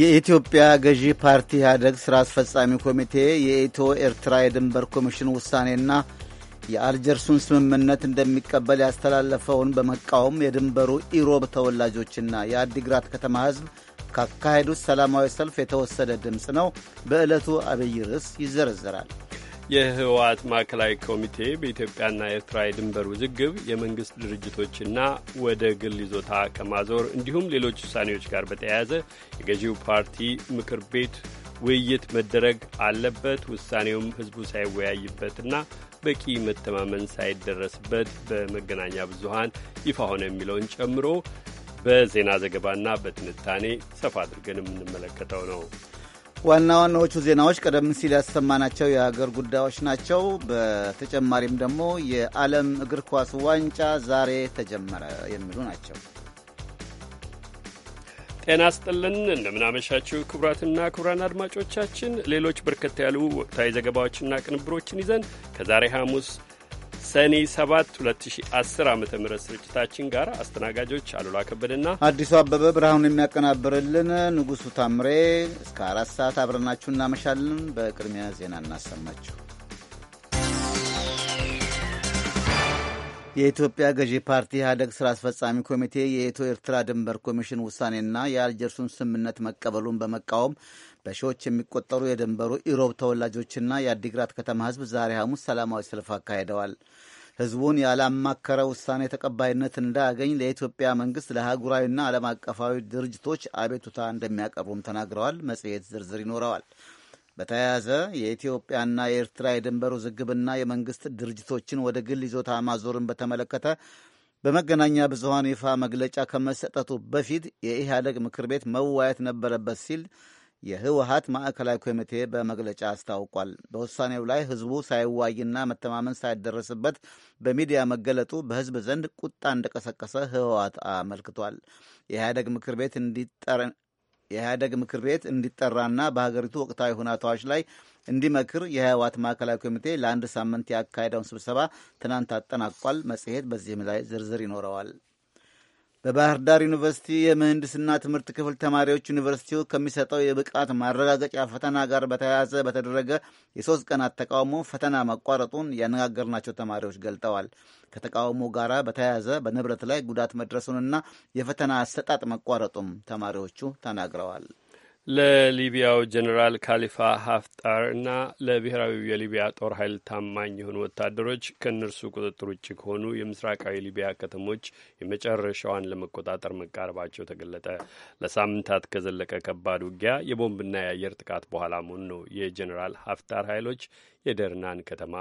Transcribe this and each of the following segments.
የኢትዮጵያ ገዢ ፓርቲ ኢህአደግ ሥራ አስፈጻሚ ኮሚቴ የኢትዮ ኤርትራ የድንበር ኮሚሽን ውሳኔና የአልጀርሱን ስምምነት እንደሚቀበል ያስተላለፈውን በመቃወም የድንበሩ ኢሮብ ተወላጆችና የአዲግራት ከተማ ሕዝብ ካካሄዱት ሰላማዊ ሰልፍ የተወሰደ ድምፅ ነው። በዕለቱ አብይ ርዕስ ይዘረዘራል። የህወሓት ማዕከላዊ ኮሚቴ በኢትዮጵያና ኤርትራ የድንበር ውዝግብ የመንግስት ድርጅቶችና ወደ ግል ይዞታ ከማዞር እንዲሁም ሌሎች ውሳኔዎች ጋር በተያያዘ የገዢው ፓርቲ ምክር ቤት ውይይት መደረግ አለበት፣ ውሳኔውም ህዝቡ ሳይወያይበትና በቂ መተማመን ሳይደረስበት በመገናኛ ብዙሃን ይፋ ሆነ የሚለውን ጨምሮ በዜና ዘገባና በትንታኔ ሰፋ አድርገን የምንመለከተው ነው። ዋና ዋናዎቹ ዜናዎች ቀደም ሲል ያሰማናቸው የሀገር ጉዳዮች ናቸው። በተጨማሪም ደግሞ የዓለም እግር ኳስ ዋንጫ ዛሬ ተጀመረ የሚሉ ናቸው። ጤና ስጥልን፣ እንደምናመሻችው ክቡራትና ክቡራን አድማጮቻችን ሌሎች በርከት ያሉ ወቅታዊ ዘገባዎችና ቅንብሮችን ይዘን ከዛሬ ሐሙስ ሰኔ 7 2010 ዓ ም ስርጭታችን ጋር አስተናጋጆች አሉላ ከበደና አዲሱ አበበ ብርሃኑን የሚያቀናብርልን ንጉሱ ታምሬ እስከ አራት ሰዓት አብረናችሁ እናመሻለን። በቅድሚያ ዜና እናሰማችሁ። የኢትዮጵያ ገዢ ፓርቲ ኢህአደግ ስራ አስፈጻሚ ኮሚቴ የኢትዮ ኤርትራ ድንበር ኮሚሽን ውሳኔና የአልጀርሱን ስምምነት መቀበሉን በመቃወም በሺዎች የሚቆጠሩ የድንበሩ ኢሮብ ተወላጆችና የአዲግራት ከተማ ህዝብ ዛሬ ሐሙስ ሰላማዊ ሰልፍ አካሂደዋል። ህዝቡን ያላማከረ ውሳኔ ተቀባይነት እንዳያገኝ ለኢትዮጵያ መንግስት ለአህጉራዊና ዓለም አቀፋዊ ድርጅቶች አቤቱታ እንደሚያቀርቡም ተናግረዋል። መጽሔት ዝርዝር ይኖረዋል። በተያያዘ የኢትዮጵያና የኤርትራ የድንበር ውዝግብና የመንግስት ድርጅቶችን ወደ ግል ይዞታ ማዞርን በተመለከተ በመገናኛ ብዙሃን ይፋ መግለጫ ከመሰጠቱ በፊት የኢህአደግ ምክር ቤት መወያየት ነበረበት ሲል የህወሀት ማዕከላዊ ኮሚቴ በመግለጫ አስታውቋል። በውሳኔው ላይ ህዝቡ ሳይዋይና መተማመን ሳይደረስበት በሚዲያ መገለጡ በህዝብ ዘንድ ቁጣ እንደቀሰቀሰ ህወሀት አመልክቷል። የኢህአደግ ምክር ቤት የኢህአደግ ምክር ቤት እንዲጠራና በሀገሪቱ ወቅታዊ ሁኔታዎች ላይ እንዲመክር የህወሀት ማዕከላዊ ኮሚቴ ለአንድ ሳምንት ያካሄደውን ስብሰባ ትናንት አጠናቋል። መጽሔት በዚህም ላይ ዝርዝር ይኖረዋል። በባህር ዳር ዩኒቨርሲቲ የምህንድስና ትምህርት ክፍል ተማሪዎች ዩኒቨርሲቲው ከሚሰጠው የብቃት ማረጋገጫ ፈተና ጋር በተያያዘ በተደረገ የሶስት ቀናት ተቃውሞ ፈተና መቋረጡን ያነጋገርናቸው ተማሪዎች ገልጠዋል። ከተቃውሞ ጋር በተያያዘ በንብረት ላይ ጉዳት መድረሱንና የፈተና አሰጣጥ መቋረጡም ተማሪዎቹ ተናግረዋል። ለሊቢያው ጀኔራል ካሊፋ ሀፍጣር እና ለብሔራዊ የሊቢያ ጦር ኃይል ታማኝ የሆኑ ወታደሮች ከእነርሱ ቁጥጥር ውጭ ከሆኑ የምስራቃዊ ሊቢያ ከተሞች የመጨረሻዋን ለመቆጣጠር መቃረባቸው ተገለጠ። ለሳምንታት ከዘለቀ ከባድ ውጊያ የቦምብና የአየር ጥቃት በኋላ መሆኑ ነው የጀኔራል ሀፍጣር ኃይሎች የደርናን ከተማ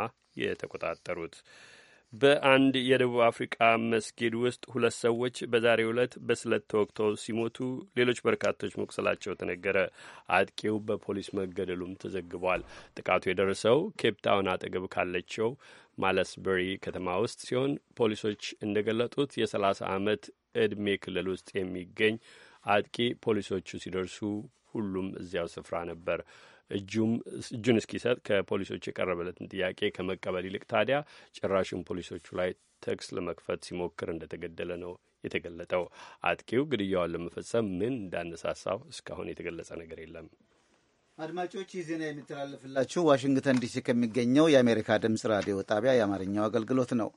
የተቆጣጠሩት። በአንድ የደቡብ አፍሪቃ መስጊድ ውስጥ ሁለት ሰዎች በዛሬው ዕለት በስለት ተወግተው ሲሞቱ ሌሎች በርካቶች መቁሰላቸው ተነገረ። አጥቂው በፖሊስ መገደሉም ተዘግቧል። ጥቃቱ የደረሰው ኬፕታውን አጠገብ ካለችው ማለስበሪ ከተማ ውስጥ ሲሆን ፖሊሶች እንደገለጡት የሰላሳ ዓመት ዕድሜ ክልል ውስጥ የሚገኝ አጥቂ ፖሊሶቹ ሲደርሱ ሁሉም እዚያው ስፍራ ነበር። እጁን እስኪሰጥ ከፖሊሶች የቀረበለትን ጥያቄ ከመቀበል ይልቅ ታዲያ ጭራሹን ፖሊሶቹ ላይ ተኩስ ለመክፈት ሲሞክር እንደተገደለ ነው የተገለጠው። አጥቂው ግድያዋን ለመፈጸም ምን እንዳነሳሳው እስካሁን የተገለጸ ነገር የለም። አድማጮች፣ ይህ ዜና የሚተላለፍላችሁ ዋሽንግተን ዲሲ ከሚገኘው የአሜሪካ ድምጽ ራዲዮ ጣቢያ የአማርኛው አገልግሎት ነው።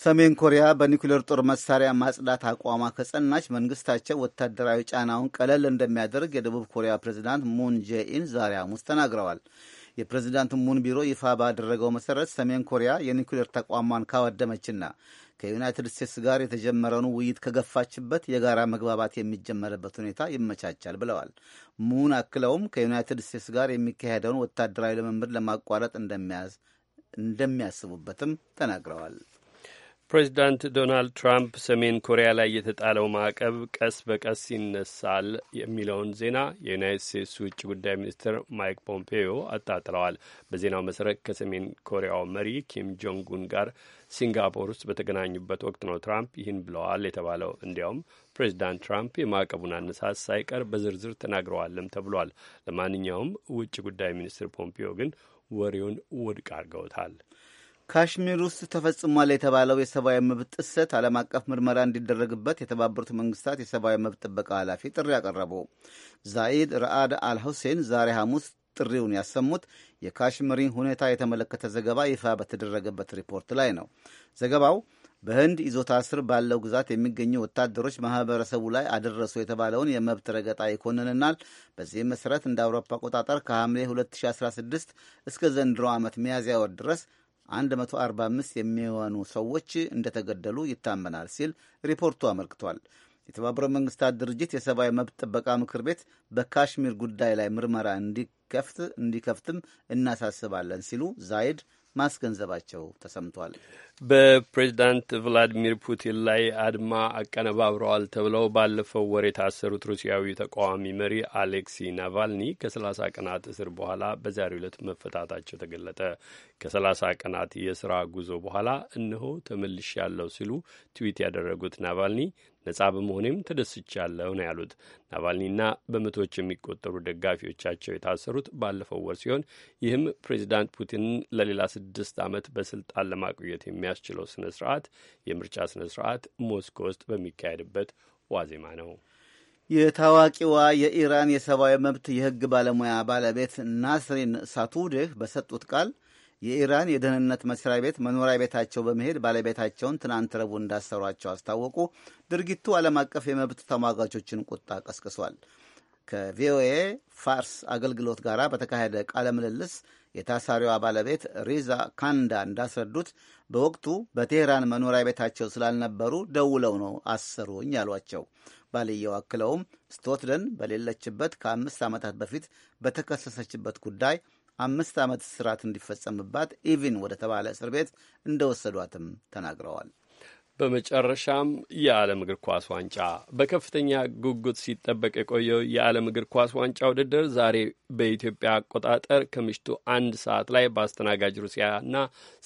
ሰሜን ኮሪያ በኒኩሌር ጦር መሳሪያ ማጽዳት አቋሟ ከጸናች መንግስታቸው ወታደራዊ ጫናውን ቀለል እንደሚያደርግ የደቡብ ኮሪያ ፕሬዚዳንት ሙን ጄኢን ዛሬ ሐሙስ ተናግረዋል። የፕሬዚዳንት ሙን ቢሮ ይፋ ባደረገው መሠረት ሰሜን ኮሪያ የኒኩሌር ተቋሟን ካወደመችና ከዩናይትድ ስቴትስ ጋር የተጀመረውን ውይይት ከገፋችበት የጋራ መግባባት የሚጀመርበት ሁኔታ ይመቻቻል ብለዋል። ሙን አክለውም ከዩናይትድ ስቴትስ ጋር የሚካሄደውን ወታደራዊ ልምምድ ለማቋረጥ እንደሚያስቡበትም ተናግረዋል። ፕሬዚዳንት ዶናልድ ትራምፕ ሰሜን ኮሪያ ላይ የተጣለው ማዕቀብ ቀስ በቀስ ይነሳል የሚለውን ዜና የዩናይት ስቴትስ ውጭ ጉዳይ ሚኒስትር ማይክ ፖምፔዮ አጣጥለዋል። በዜናው መሰረት ከሰሜን ኮሪያው መሪ ኪም ጆንግ ኡን ጋር ሲንጋፖር ውስጥ በተገናኙበት ወቅት ነው ትራምፕ ይህን ብለዋል የተባለው። እንዲያውም ፕሬዚዳንት ትራምፕ የማዕቀቡን አነሳስ ሳይቀር በዝርዝር ተናግረዋልም ተብሏል። ለማንኛውም ውጭ ጉዳይ ሚኒስትር ፖምፔዮ ግን ወሬውን ውድቅ አድርገውታል። ካሽሚር ውስጥ ተፈጽሟል የተባለው የሰብአዊ መብት ጥሰት ዓለም አቀፍ ምርመራ እንዲደረግበት የተባበሩት መንግስታት የሰብአዊ መብት ጥበቃ ኃላፊ ጥሪ አቀረቡ። ዛኢድ ረአድ አልሁሴን ዛሬ ሐሙስ ጥሪውን ያሰሙት የካሽሚሪን ሁኔታ የተመለከተ ዘገባ ይፋ በተደረገበት ሪፖርት ላይ ነው። ዘገባው በህንድ ይዞታ ስር ባለው ግዛት የሚገኙ ወታደሮች ማህበረሰቡ ላይ አደረሱ የተባለውን የመብት ረገጣ ይኮንንናል። በዚህም መሠረት እንደ አውሮፓ አቆጣጠር ከሐምሌ 2016 እስከ ዘንድሮ ዓመት ሚያዝያ ወር ድረስ 145 የሚሆኑ ሰዎች እንደተገደሉ ይታመናል ሲል ሪፖርቱ አመልክቷል። የተባበሩት መንግስታት ድርጅት የሰብአዊ መብት ጥበቃ ምክር ቤት በካሽሚር ጉዳይ ላይ ምርመራ እንዲከፍት እንዲከፍትም እናሳስባለን ሲሉ ዛይድ ማስገንዘባቸው ተሰምቷል። በፕሬዚዳንት ቭላዲሚር ፑቲን ላይ አድማ አቀነባብረዋል ተብለው ባለፈው ወር የታሰሩት ሩሲያዊ ተቃዋሚ መሪ አሌክሲ ናቫልኒ ከ ቀናት እስር በኋላ በዛሬው ዕለት መፈታታቸው ተገለጠ። ቀናት የስራ ጉዞ በኋላ እነሆ ያለው ሲሉ ትዊት ያደረጉት ናቫልኒ ነጻ በመሆኔም ተደስቻለሁ ነው ያሉት። ናቫልኒና በመቶዎች የሚቆጠሩ ደጋፊዎቻቸው የታሰሩት ባለፈው ወር ሲሆን ይህም ፕሬዚዳንት ፑቲንን ለሌላ ስድስት ዓመት በስልጣን ለማቆየት የሚያስችለው ስነ ስርዓት የምርጫ ስነ ስርዓት ሞስኮ ውስጥ በሚካሄድበት ዋዜማ ነው። የታዋቂዋ የኢራን የሰብአዊ መብት የህግ ባለሙያ ባለቤት ናስሪን ሳቱዴህ በሰጡት ቃል የኢራን የደህንነት መስሪያ ቤት መኖሪያ ቤታቸው በመሄድ ባለቤታቸውን ትናንት ረቡዕ እንዳሰሯቸው አስታወቁ። ድርጊቱ ዓለም አቀፍ የመብት ተሟጋቾችን ቁጣ ቀስቅሷል። ከቪኦኤ ፋርስ አገልግሎት ጋር በተካሄደ ቃለ ምልልስ የታሳሪዋ ባለቤት ሪዛ ካንዳ እንዳስረዱት በወቅቱ በቴህራን መኖሪያ ቤታቸው ስላልነበሩ ደውለው ነው አሰሩኝ ያሏቸው። ባልየው አክለውም ስቶትደን በሌለችበት ከአምስት ዓመታት በፊት በተከሰሰችበት ጉዳይ አምስት ዓመት እስራት እንዲፈጸምባት ኢቪን ወደ ተባለ እስር ቤት እንደወሰዷትም ተናግረዋል። በመጨረሻም የዓለም እግር ኳስ ዋንጫ በከፍተኛ ጉጉት ሲጠበቅ የቆየው የዓለም እግር ኳስ ዋንጫ ውድድር ዛሬ በኢትዮጵያ አቆጣጠር ከምሽቱ አንድ ሰዓት ላይ በአስተናጋጅ ሩሲያና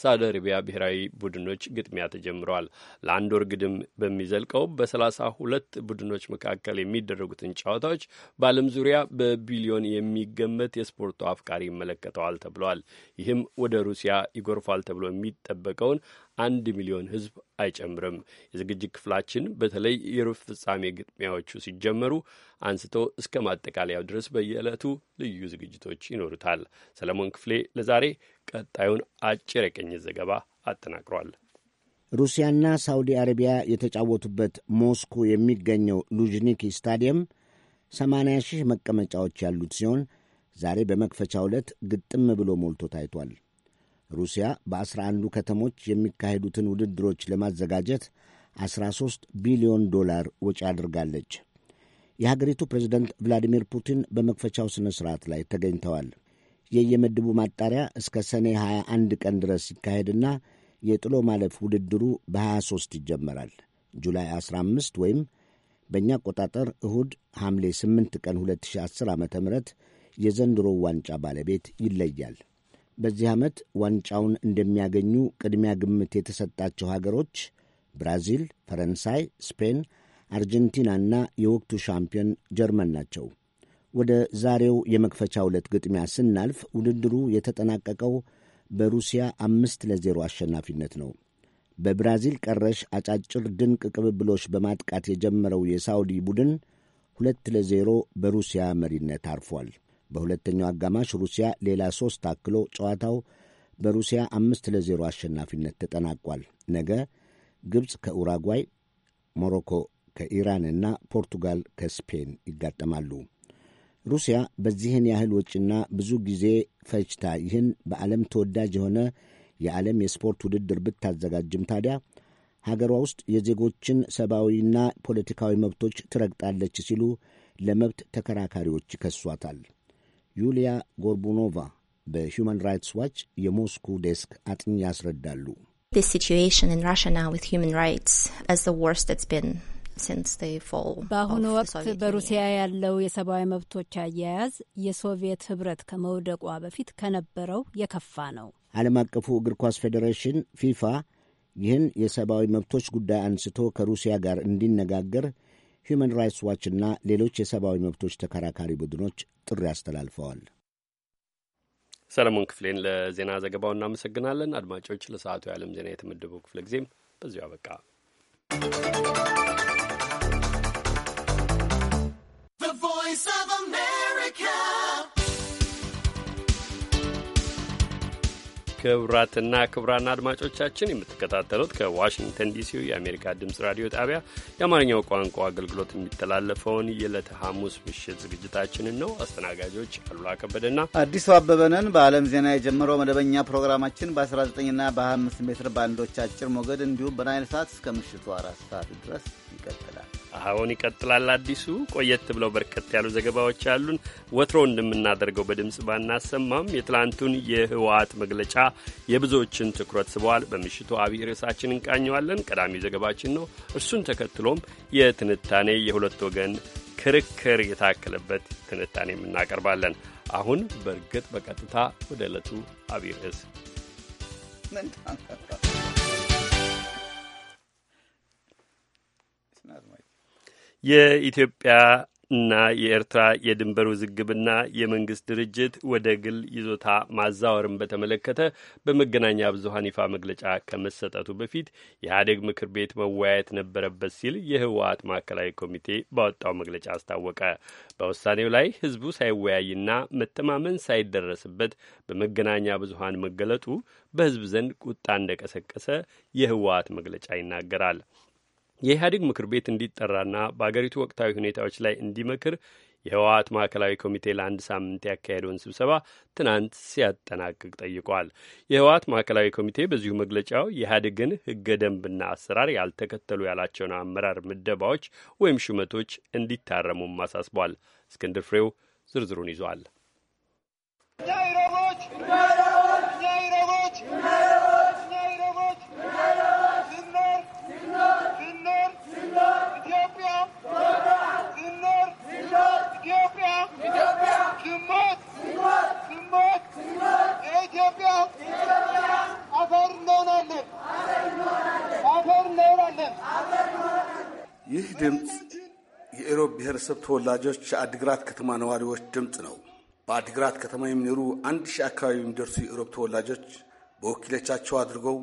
ሳውዲ አረቢያ ብሔራዊ ቡድኖች ግጥሚያ ተጀምረዋል። ለአንድ ወር ግድም በሚዘልቀው በሰላሳ ሁለት ቡድኖች መካከል የሚደረጉትን ጨዋታዎች በዓለም ዙሪያ በቢሊዮን የሚገመት የስፖርቱ አፍቃሪ ይመለከተዋል ተብሏል። ይህም ወደ ሩሲያ ይጎርፋል ተብሎ የሚጠበቀውን አንድ ሚሊዮን ሕዝብ አይጨምርም። የዝግጅት ክፍላችን በተለይ የሩብ ፍጻሜ ግጥሚያዎቹ ሲጀመሩ አንስቶ እስከ ማጠቃለያው ድረስ በየዕለቱ ልዩ ዝግጅቶች ይኖሩታል። ሰለሞን ክፍሌ ለዛሬ ቀጣዩን አጭር የቅኝት ዘገባ አጠናቅሯል። ሩሲያና ሳውዲ አረቢያ የተጫወቱበት ሞስኮ የሚገኘው ሉዥኒኪ ስታዲየም 80 ሺህ መቀመጫዎች ያሉት ሲሆን ዛሬ በመክፈቻ ዕለት ግጥም ብሎ ሞልቶ ታይቷል። ሩሲያ በአስራ አንዱ ከተሞች የሚካሄዱትን ውድድሮች ለማዘጋጀት 13 ቢሊዮን ዶላር ወጪ አድርጋለች። የሀገሪቱ ፕሬዝደንት ቭላዲሚር ፑቲን በመክፈቻው ሥነ ሥርዓት ላይ ተገኝተዋል። የየምድቡ ማጣሪያ እስከ ሰኔ 21 ቀን ድረስ ይካሄድና የጥሎ ማለፍ ውድድሩ በ23 ይጀመራል። ጁላይ 15 ወይም በእኛ አቆጣጠር እሁድ ሐምሌ 8 ቀን 2010 ዓ ም የዘንድሮው ዋንጫ ባለቤት ይለያል። በዚህ ዓመት ዋንጫውን እንደሚያገኙ ቅድሚያ ግምት የተሰጣቸው ሀገሮች ብራዚል፣ ፈረንሳይ፣ ስፔን፣ አርጀንቲናና የወቅቱ ሻምፒዮን ጀርመን ናቸው። ወደ ዛሬው የመክፈቻ ሁለት ግጥሚያ ስናልፍ ውድድሩ የተጠናቀቀው በሩሲያ አምስት ለዜሮ አሸናፊነት ነው። በብራዚል ቀረሽ አጫጭር ድንቅ ቅብብሎች በማጥቃት የጀመረው የሳውዲ ቡድን ሁለት ለዜሮ በሩሲያ መሪነት አርፏል። በሁለተኛው አጋማሽ ሩሲያ ሌላ ሦስት አክሎ ጨዋታው በሩሲያ አምስት ለዜሮ አሸናፊነት ተጠናቋል። ነገ ግብፅ ከኡራጓይ፣ ሞሮኮ ከኢራን እና ፖርቱጋል ከስፔን ይጋጠማሉ። ሩሲያ በዚህን ያህል ወጪና ብዙ ጊዜ ፈጅታ ይህን በዓለም ተወዳጅ የሆነ የዓለም የስፖርት ውድድር ብታዘጋጅም ታዲያ ሀገሯ ውስጥ የዜጎችን ሰብአዊና ፖለቲካዊ መብቶች ትረግጣለች ሲሉ ለመብት ተከራካሪዎች ይከሷታል። ዩሊያ ጎርቡኖቫ በሁማን ራይትስ ዋች የሞስኩ ዴስክ አጥኚ ያስረዳሉ። በአሁኑ ወቅት በሩሲያ ያለው የሰብአዊ መብቶች አያያዝ የሶቪየት ህብረት ከመውደቋ በፊት ከነበረው የከፋ ነው። ዓለም አቀፉ እግር ኳስ ፌዴሬሽን ፊፋ ይህን የሰብአዊ መብቶች ጉዳይ አንስቶ ከሩሲያ ጋር እንዲነጋገር ሁማን ራይትስ ዋች እና ሌሎች የሰብአዊ መብቶች ተከራካሪ ቡድኖች ጥሪ አስተላልፈዋል። ሰለሞን ክፍሌን ለዜና ዘገባው እናመሰግናለን። አድማጮች፣ ለሰዓቱ የዓለም ዜና የተመደበው ክፍለ ጊዜም በዚሁ አበቃ። ክቡራትና ክቡራን አድማጮቻችን የምትከታተሉት ከዋሽንግተን ዲሲ የአሜሪካ ድምፅ ራዲዮ ጣቢያ የአማርኛው ቋንቋ አገልግሎት የሚተላለፈውን የዕለተ ሐሙስ ምሽት ዝግጅታችንን ነው። አስተናጋጆች አሉላ ከበደና አዲሱ አበበነን በዓለም ዜና የጀመረው መደበኛ ፕሮግራማችን በ19ና በ25 ሜትር ባንዶች አጭር ሞገድ እንዲሁም በናይል ሰዓት እስከ ምሽቱ አራት ሰዓት ድረስ ይቀጥላል። አሁን ይቀጥላል። አዲሱ ቆየት ብለው በርከት ያሉ ዘገባዎች ያሉን ወትሮ እንደምናደርገው በድምፅ ባናሰማም የትላንቱን የህወሀት መግለጫ የብዙዎችን ትኩረት ስበዋል። በምሽቱ አብይ ርዕሳችን እንቃኘዋለን። ቀዳሚው ዘገባችን ነው። እርሱን ተከትሎም የትንታኔ የሁለት ወገን ክርክር የታከለበት ትንታኔ እናቀርባለን። አሁን በእርግጥ በቀጥታ ወደ ዕለቱ አብይ ርዕስ የኢትዮጵያ እና የኤርትራ የድንበር ውዝግብና የመንግስት ድርጅት ወደ ግል ይዞታ ማዛወርን በተመለከተ በመገናኛ ብዙኃን ይፋ መግለጫ ከመሰጠቱ በፊት የኢህአዴግ ምክር ቤት መወያየት ነበረበት ሲል የህወሀት ማዕከላዊ ኮሚቴ ባወጣው መግለጫ አስታወቀ። በውሳኔው ላይ ህዝቡ ሳይወያይና መተማመን ሳይደረስበት በመገናኛ ብዙኃን መገለጡ በህዝብ ዘንድ ቁጣ እንደቀሰቀሰ የህወሀት መግለጫ ይናገራል። የኢህአዴግ ምክር ቤት እንዲጠራና በአገሪቱ ወቅታዊ ሁኔታዎች ላይ እንዲመክር የህወሀት ማዕከላዊ ኮሚቴ ለአንድ ሳምንት ያካሄደውን ስብሰባ ትናንት ሲያጠናቅቅ ጠይቋል። የህወሀት ማዕከላዊ ኮሚቴ በዚሁ መግለጫው የኢህአዴግን ህገ ደንብና አሰራር ያልተከተሉ ያላቸውን አመራር ምደባዎች ወይም ሹመቶች እንዲታረሙም አሳስቧል። እስክንድር ፍሬው ዝርዝሩን ይዟል። አፈር እንሆናለን፣ አፈር እንሆናለን። ይህ ድምፅ የኢሮብ ብሔረሰብ ተወላጆች የአድግራት ከተማ ነዋሪዎች ድምፅ ነው። በአድግራት ከተማ የሚኖሩ አንድ ሺህ አካባቢ የሚደርሱ የኢሮብ ተወላጆች በወኪሎቻቸው አድርገው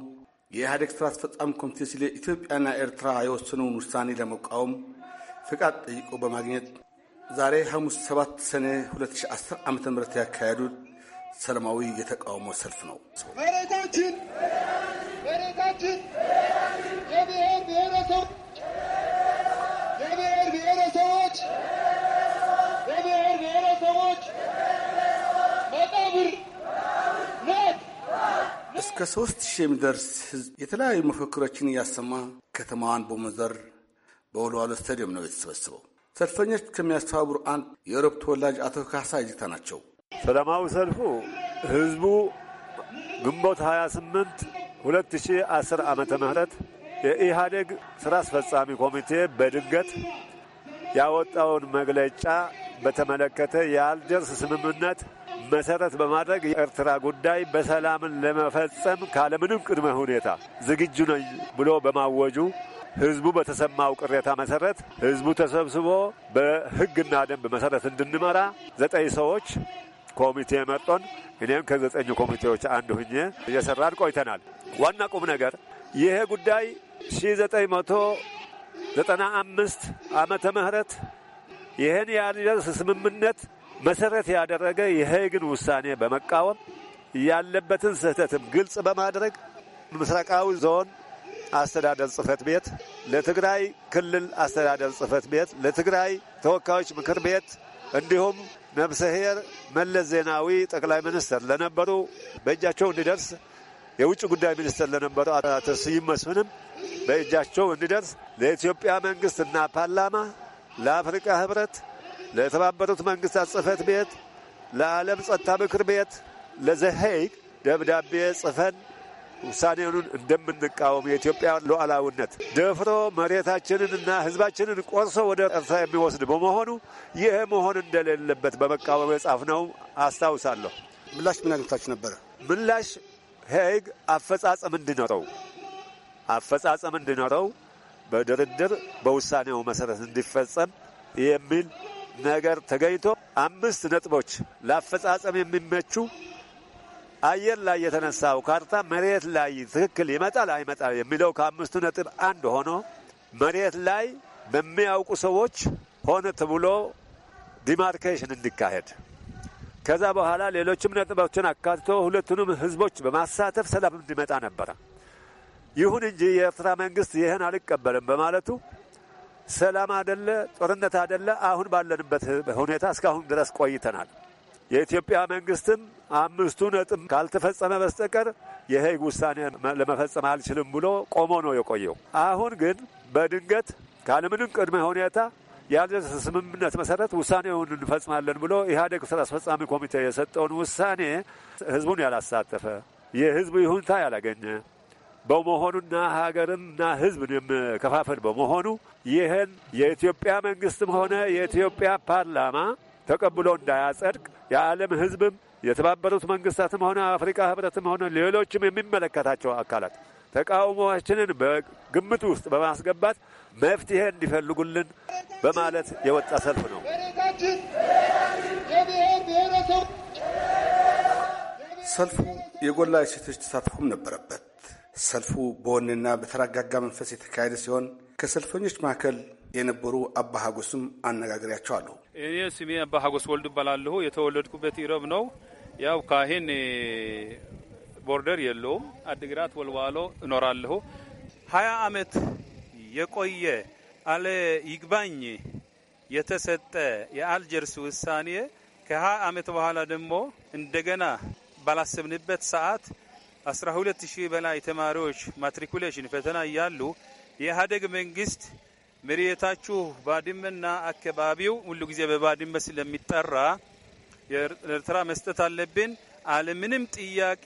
የኢህአዴግ ስራ አስፈጻሚ ኮሚቴ ስለ ኢትዮጵያና ኤርትራ የወሰነውን ውሳኔ ለመቃወም ፍቃድ ጠይቆ በማግኘት ዛሬ ሐሙስ 7 ሰኔ 2010 ዓ ም ያካሄዱት ሰላማዊ የተቃውሞ ሰልፍ ነው። መሬታችን መሬታችን የብሔር የብሔር ብሔረሰቦች የብሔር ብሔረሰቦች መቃብር እስከ ሶስት ሺህ የሚደርስ ህዝብ የተለያዩ መፈክሮችን እያሰማ ከተማዋን በመዘር በወልዋሎ ስታዲየም ነው የተሰበሰበው። ሰልፈኞች ከሚያስተባብሩ አንድ የኦሮብ ተወላጅ አቶ ካሳ ይጅታ ናቸው። ሰላማዊ ሰልፉ ህዝቡ ግንቦት 28 2010 ዓመተ ምህረት የኢህአዴግ ስራ አስፈጻሚ ኮሚቴ በድንገት ያወጣውን መግለጫ በተመለከተ የአልጀርስ ስምምነት መሰረት በማድረግ የኤርትራ ጉዳይ በሰላምን ለመፈጸም ካለምንም ቅድመ ሁኔታ ዝግጁ ነኝ ብሎ በማወጁ ህዝቡ በተሰማው ቅሬታ መሰረት ህዝቡ ተሰብስቦ በህግና ደንብ መሰረት እንድንመራ ዘጠኝ ሰዎች ኮሚቴ መጦን እኔም ከዘጠኙ ኮሚቴዎች አንዱ ሁኜ እየሰራን ቆይተናል። ዋና ቁም ነገር ይሄ ጉዳይ 1995 ዓመተ ምህረት ይህን የአልጀርስ ስምምነት መሰረት ያደረገ የሄግን ውሳኔ በመቃወም ያለበትን ስህተትም ግልጽ በማድረግ ምስራቃዊ ዞን አስተዳደር ጽህፈት ቤት ለትግራይ ክልል አስተዳደር ጽህፈት ቤት፣ ለትግራይ ተወካዮች ምክር ቤት እንዲሁም መብሰሄር መለስ ዜናዊ ጠቅላይ ሚኒስትር ለነበሩ በእጃቸው እንዲደርስ የውጭ ጉዳይ ሚኒስትር ለነበሩ አቶ ስዩም መስፍንም በእጃቸው እንዲደርስ ለኢትዮጵያ መንግስትና ፓርላማ፣ ለአፍሪካ ህብረት፣ ለተባበሩት መንግስታት ጽህፈት ቤት፣ ለዓለም ጸጥታ ምክር ቤት፣ ለዘሄይግ ደብዳቤ ጽፈን ውሳኔውን እንደምንቃወም የኢትዮጵያ ሉዓላዊነት ደፍሮ መሬታችንንና ህዝባችንን ሕዝባችንን ቆርሶ ወደ ኤርትራ የሚወስድ በመሆኑ ይህ መሆን እንደሌለበት በመቃወም የጻፍነው አስታውሳለሁ። ምላሽ ምን አግኝታችሁ ነበረ? ምላሽ ሄግ አፈጻጸም እንዲኖረው አፈጻጸም እንዲኖረው በድርድር በውሳኔው መሰረት እንዲፈጸም የሚል ነገር ተገኝቶ አምስት ነጥቦች ለአፈጻጸም የሚመቹ አየር ላይ የተነሳው ካርታ መሬት ላይ ትክክል ይመጣል አይመጣል የሚለው ከአምስቱ ነጥብ አንድ ሆኖ መሬት ላይ በሚያውቁ ሰዎች ሆነ ተብሎ ዲማርኬሽን እንዲካሄድ ከዛ በኋላ ሌሎችም ነጥቦችን አካትቶ ሁለቱንም ህዝቦች በማሳተፍ ሰላም እንዲመጣ ነበረ። ይሁን እንጂ የኤርትራ መንግስት ይህን አልቀበልም በማለቱ ሰላም አደለ፣ ጦርነት አደለ፣ አሁን ባለንበት ሁኔታ እስካሁን ድረስ ቆይተናል። የኢትዮጵያ መንግስትም አምስቱ ነጥብ ካልተፈጸመ በስተቀር የሄግ ውሳኔ ለመፈጸም አልችልም ብሎ ቆሞ ነው የቆየው። አሁን ግን በድንገት ካለምንም ቅድመ ሁኔታ ያለ ስምምነት መሰረት ውሳኔውን እንፈጽማለን ብሎ ኢህአዴግ ስራ አስፈጻሚ ኮሚቴ የሰጠውን ውሳኔ ህዝቡን ያላሳተፈ የህዝቡ ይሁንታ ያላገኘ በመሆኑና ሀገርንና ህዝብን የምከፋፈል በመሆኑ ይህን የኢትዮጵያ መንግስትም ሆነ የኢትዮጵያ ፓርላማ ተቀብሎ እንዳያጸድቅ የዓለም ህዝብም የተባበሩት መንግስታትም ሆነ አፍሪካ ህብረትም ሆነ ሌሎችም የሚመለከታቸው አካላት ተቃውሞችንን በግምት ውስጥ በማስገባት መፍትሄ እንዲፈልጉልን በማለት የወጣ ሰልፍ ነው። ሰልፉ የጎላ የሴቶች ተሳትፎም ነበረበት። ሰልፉ በወንና በተረጋጋ መንፈስ የተካሄደ ሲሆን ከሰልፈኞች መካከል የነበሩ አባ ሀጎስም አነጋግሬያቸዋለሁ። እኔ ስሜ አባ ሀጎስ ወልዱ እባላለሁ። የተወለድኩበት ኢሮብ ነው። ያው ካህን ቦርደር የለውም። አድግራት ወልዋሎ እኖራለሁ። ሀያ አመት የቆየ አለ ይግባኝ የተሰጠ የአልጀርስ ውሳኔ ከሀያ አመት በኋላ ደግሞ እንደገና ባላሰብንበት ሰዓት አስራ ሁለት ሺህ በላይ ተማሪዎች ማትሪኩሌሽን ፈተና እያሉ የኢህአዴግ መንግስት መሬታችሁ ባድመና አካባቢው ሁሉ ጊዜ በባድመ ስለሚጠራ የኤርትራ መስጠት አለብን። አለምንም ጥያቄ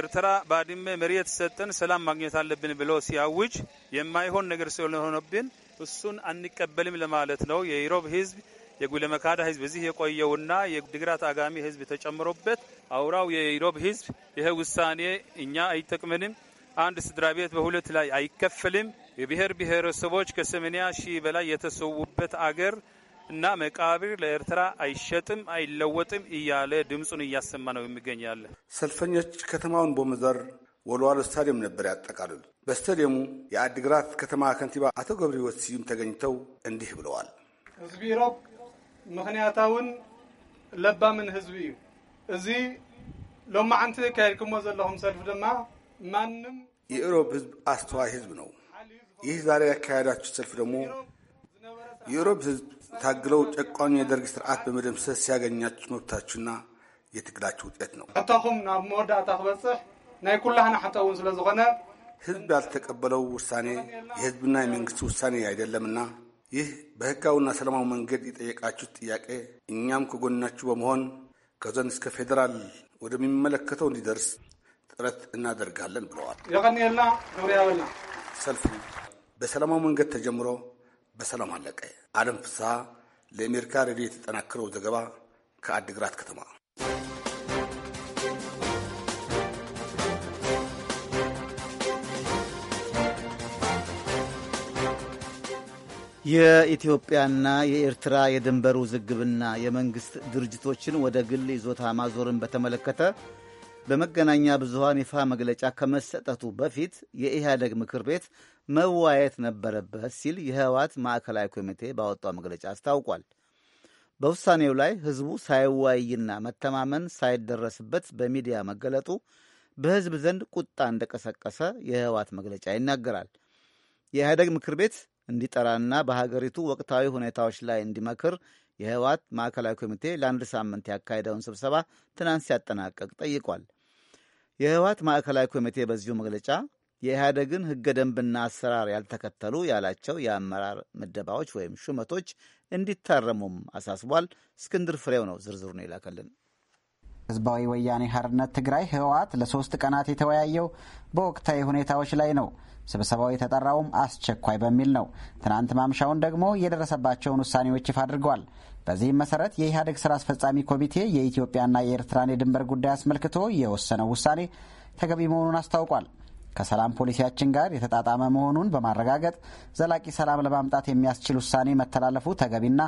ኤርትራ ባድመ መሬት ሰጠን ሰላም ማግኘት አለብን ብሎ ሲያውጅ የማይሆን ነገር ስለሆነብን እሱን አንቀበልም ለማለት ነው። የኢሮብ ህዝብ የጉለመካዳ ህዝብ እዚህ የቆየውና የድግራት አጋሚ ህዝብ ተጨምሮበት አውራው የኢሮብ ህዝብ ይሄ ውሳኔ እኛ አይጠቅመንም፣ አንድ ስድራ ቤት በሁለት ላይ አይከፈልም የብሔር ብሔረሰቦች ከሰማንያ ሺህ በላይ የተሰዉበት አገር እና መቃብር ለኤርትራ አይሸጥም አይለወጥም እያለ ድምፁን እያሰማ ነው የሚገኛለ። ሰልፈኞች ከተማውን በመዘር ወልዋሎ ስታዲየም ነበር ያጠቃልሉ። በስታዲየሙ የአዲግራት ከተማ ከንቲባ አቶ ገብረ ሕይወት ስዩም ተገኝተው እንዲህ ብለዋል። ህዝቢ ሮብ ምክንያታውን ለባምን ህዝቢ እዩ እዚ ሎማዓንቲ ካሄድክሞ ዘለኹም ሰልፍ ድማ ማንም የኢሮብ ህዝብ አስተዋይ ህዝብ ነው ይህ ዛሬ ያካሄዳችሁ ሰልፍ ደግሞ የኢሮብ ህዝብ ታግለው ጨቋኙ የደርግ ስርዓት በመደምሰስ ሲያገኛችሁ መብታችሁና የትግላችሁ ውጤት ነው። እተኹም ናብ መወዳእታ ክበፅሕ ናይ ኩላህና ሓተ እውን ስለ ዝኾነ ህዝብ ያልተቀበለው ውሳኔ የህዝብና የመንግስት ውሳኔ አይደለምና ይህ በህጋዊና ሰላማዊ መንገድ የጠየቃችሁ ጥያቄ እኛም ከጎናችሁ በመሆን ከዞን እስከ ፌዴራል ወደሚመለከተው እንዲደርስ ጥረት እናደርጋለን ብለዋል። የቀኒልና ሰልፍ በሰላማዊ መንገድ ተጀምሮ በሰላም አለቀ። አለም ፍስሐ ለአሜሪካ ሬዲዮ የተጠናከረው ዘገባ ከአዲግራት ከተማ። የኢትዮጵያና የኤርትራ የድንበር ውዝግብና የመንግሥት ድርጅቶችን ወደ ግል ይዞታ ማዞርን በተመለከተ በመገናኛ ብዙሃን ይፋ መግለጫ ከመሰጠቱ በፊት የኢህአደግ ምክር ቤት መዋየት ነበረበት ሲል የህወሓት ማዕከላዊ ኮሚቴ ባወጣው መግለጫ አስታውቋል። በውሳኔው ላይ ህዝቡ ሳይወያይና መተማመን ሳይደረስበት በሚዲያ መገለጡ በህዝብ ዘንድ ቁጣ እንደቀሰቀሰ የህወሓት መግለጫ ይናገራል። የኢህአደግ ምክር ቤት እንዲጠራና በሀገሪቱ ወቅታዊ ሁኔታዎች ላይ እንዲመክር የህወሓት ማዕከላዊ ኮሚቴ ለአንድ ሳምንት ያካሄደውን ስብሰባ ትናንት ሲያጠናቀቅ ጠይቋል። የህወሓት ማዕከላዊ ኮሚቴ በዚሁ መግለጫ የኢህአደግን ህገ ደንብና አሰራር ያልተከተሉ ያላቸው የአመራር ምደባዎች ወይም ሹመቶች እንዲታረሙም አሳስቧል። እስክንድር ፍሬው ነው ዝርዝሩን ይላከልን። ህዝባዊ ወያኔ ሀርነት ትግራይ ህወሓት ለሶስት ቀናት የተወያየው በወቅታዊ ሁኔታዎች ላይ ነው። ስብሰባው የተጠራውም አስቸኳይ በሚል ነው። ትናንት ማምሻውን ደግሞ የደረሰባቸውን ውሳኔዎች ይፋ አድርገዋል። በዚህም መሰረት የኢህአዴግ ስራ አስፈጻሚ ኮሚቴ የኢትዮጵያና የኤርትራን የድንበር ጉዳይ አስመልክቶ የወሰነው ውሳኔ ተገቢ መሆኑን አስታውቋል። ከሰላም ፖሊሲያችን ጋር የተጣጣመ መሆኑን በማረጋገጥ ዘላቂ ሰላም ለማምጣት የሚያስችል ውሳኔ መተላለፉ ተገቢና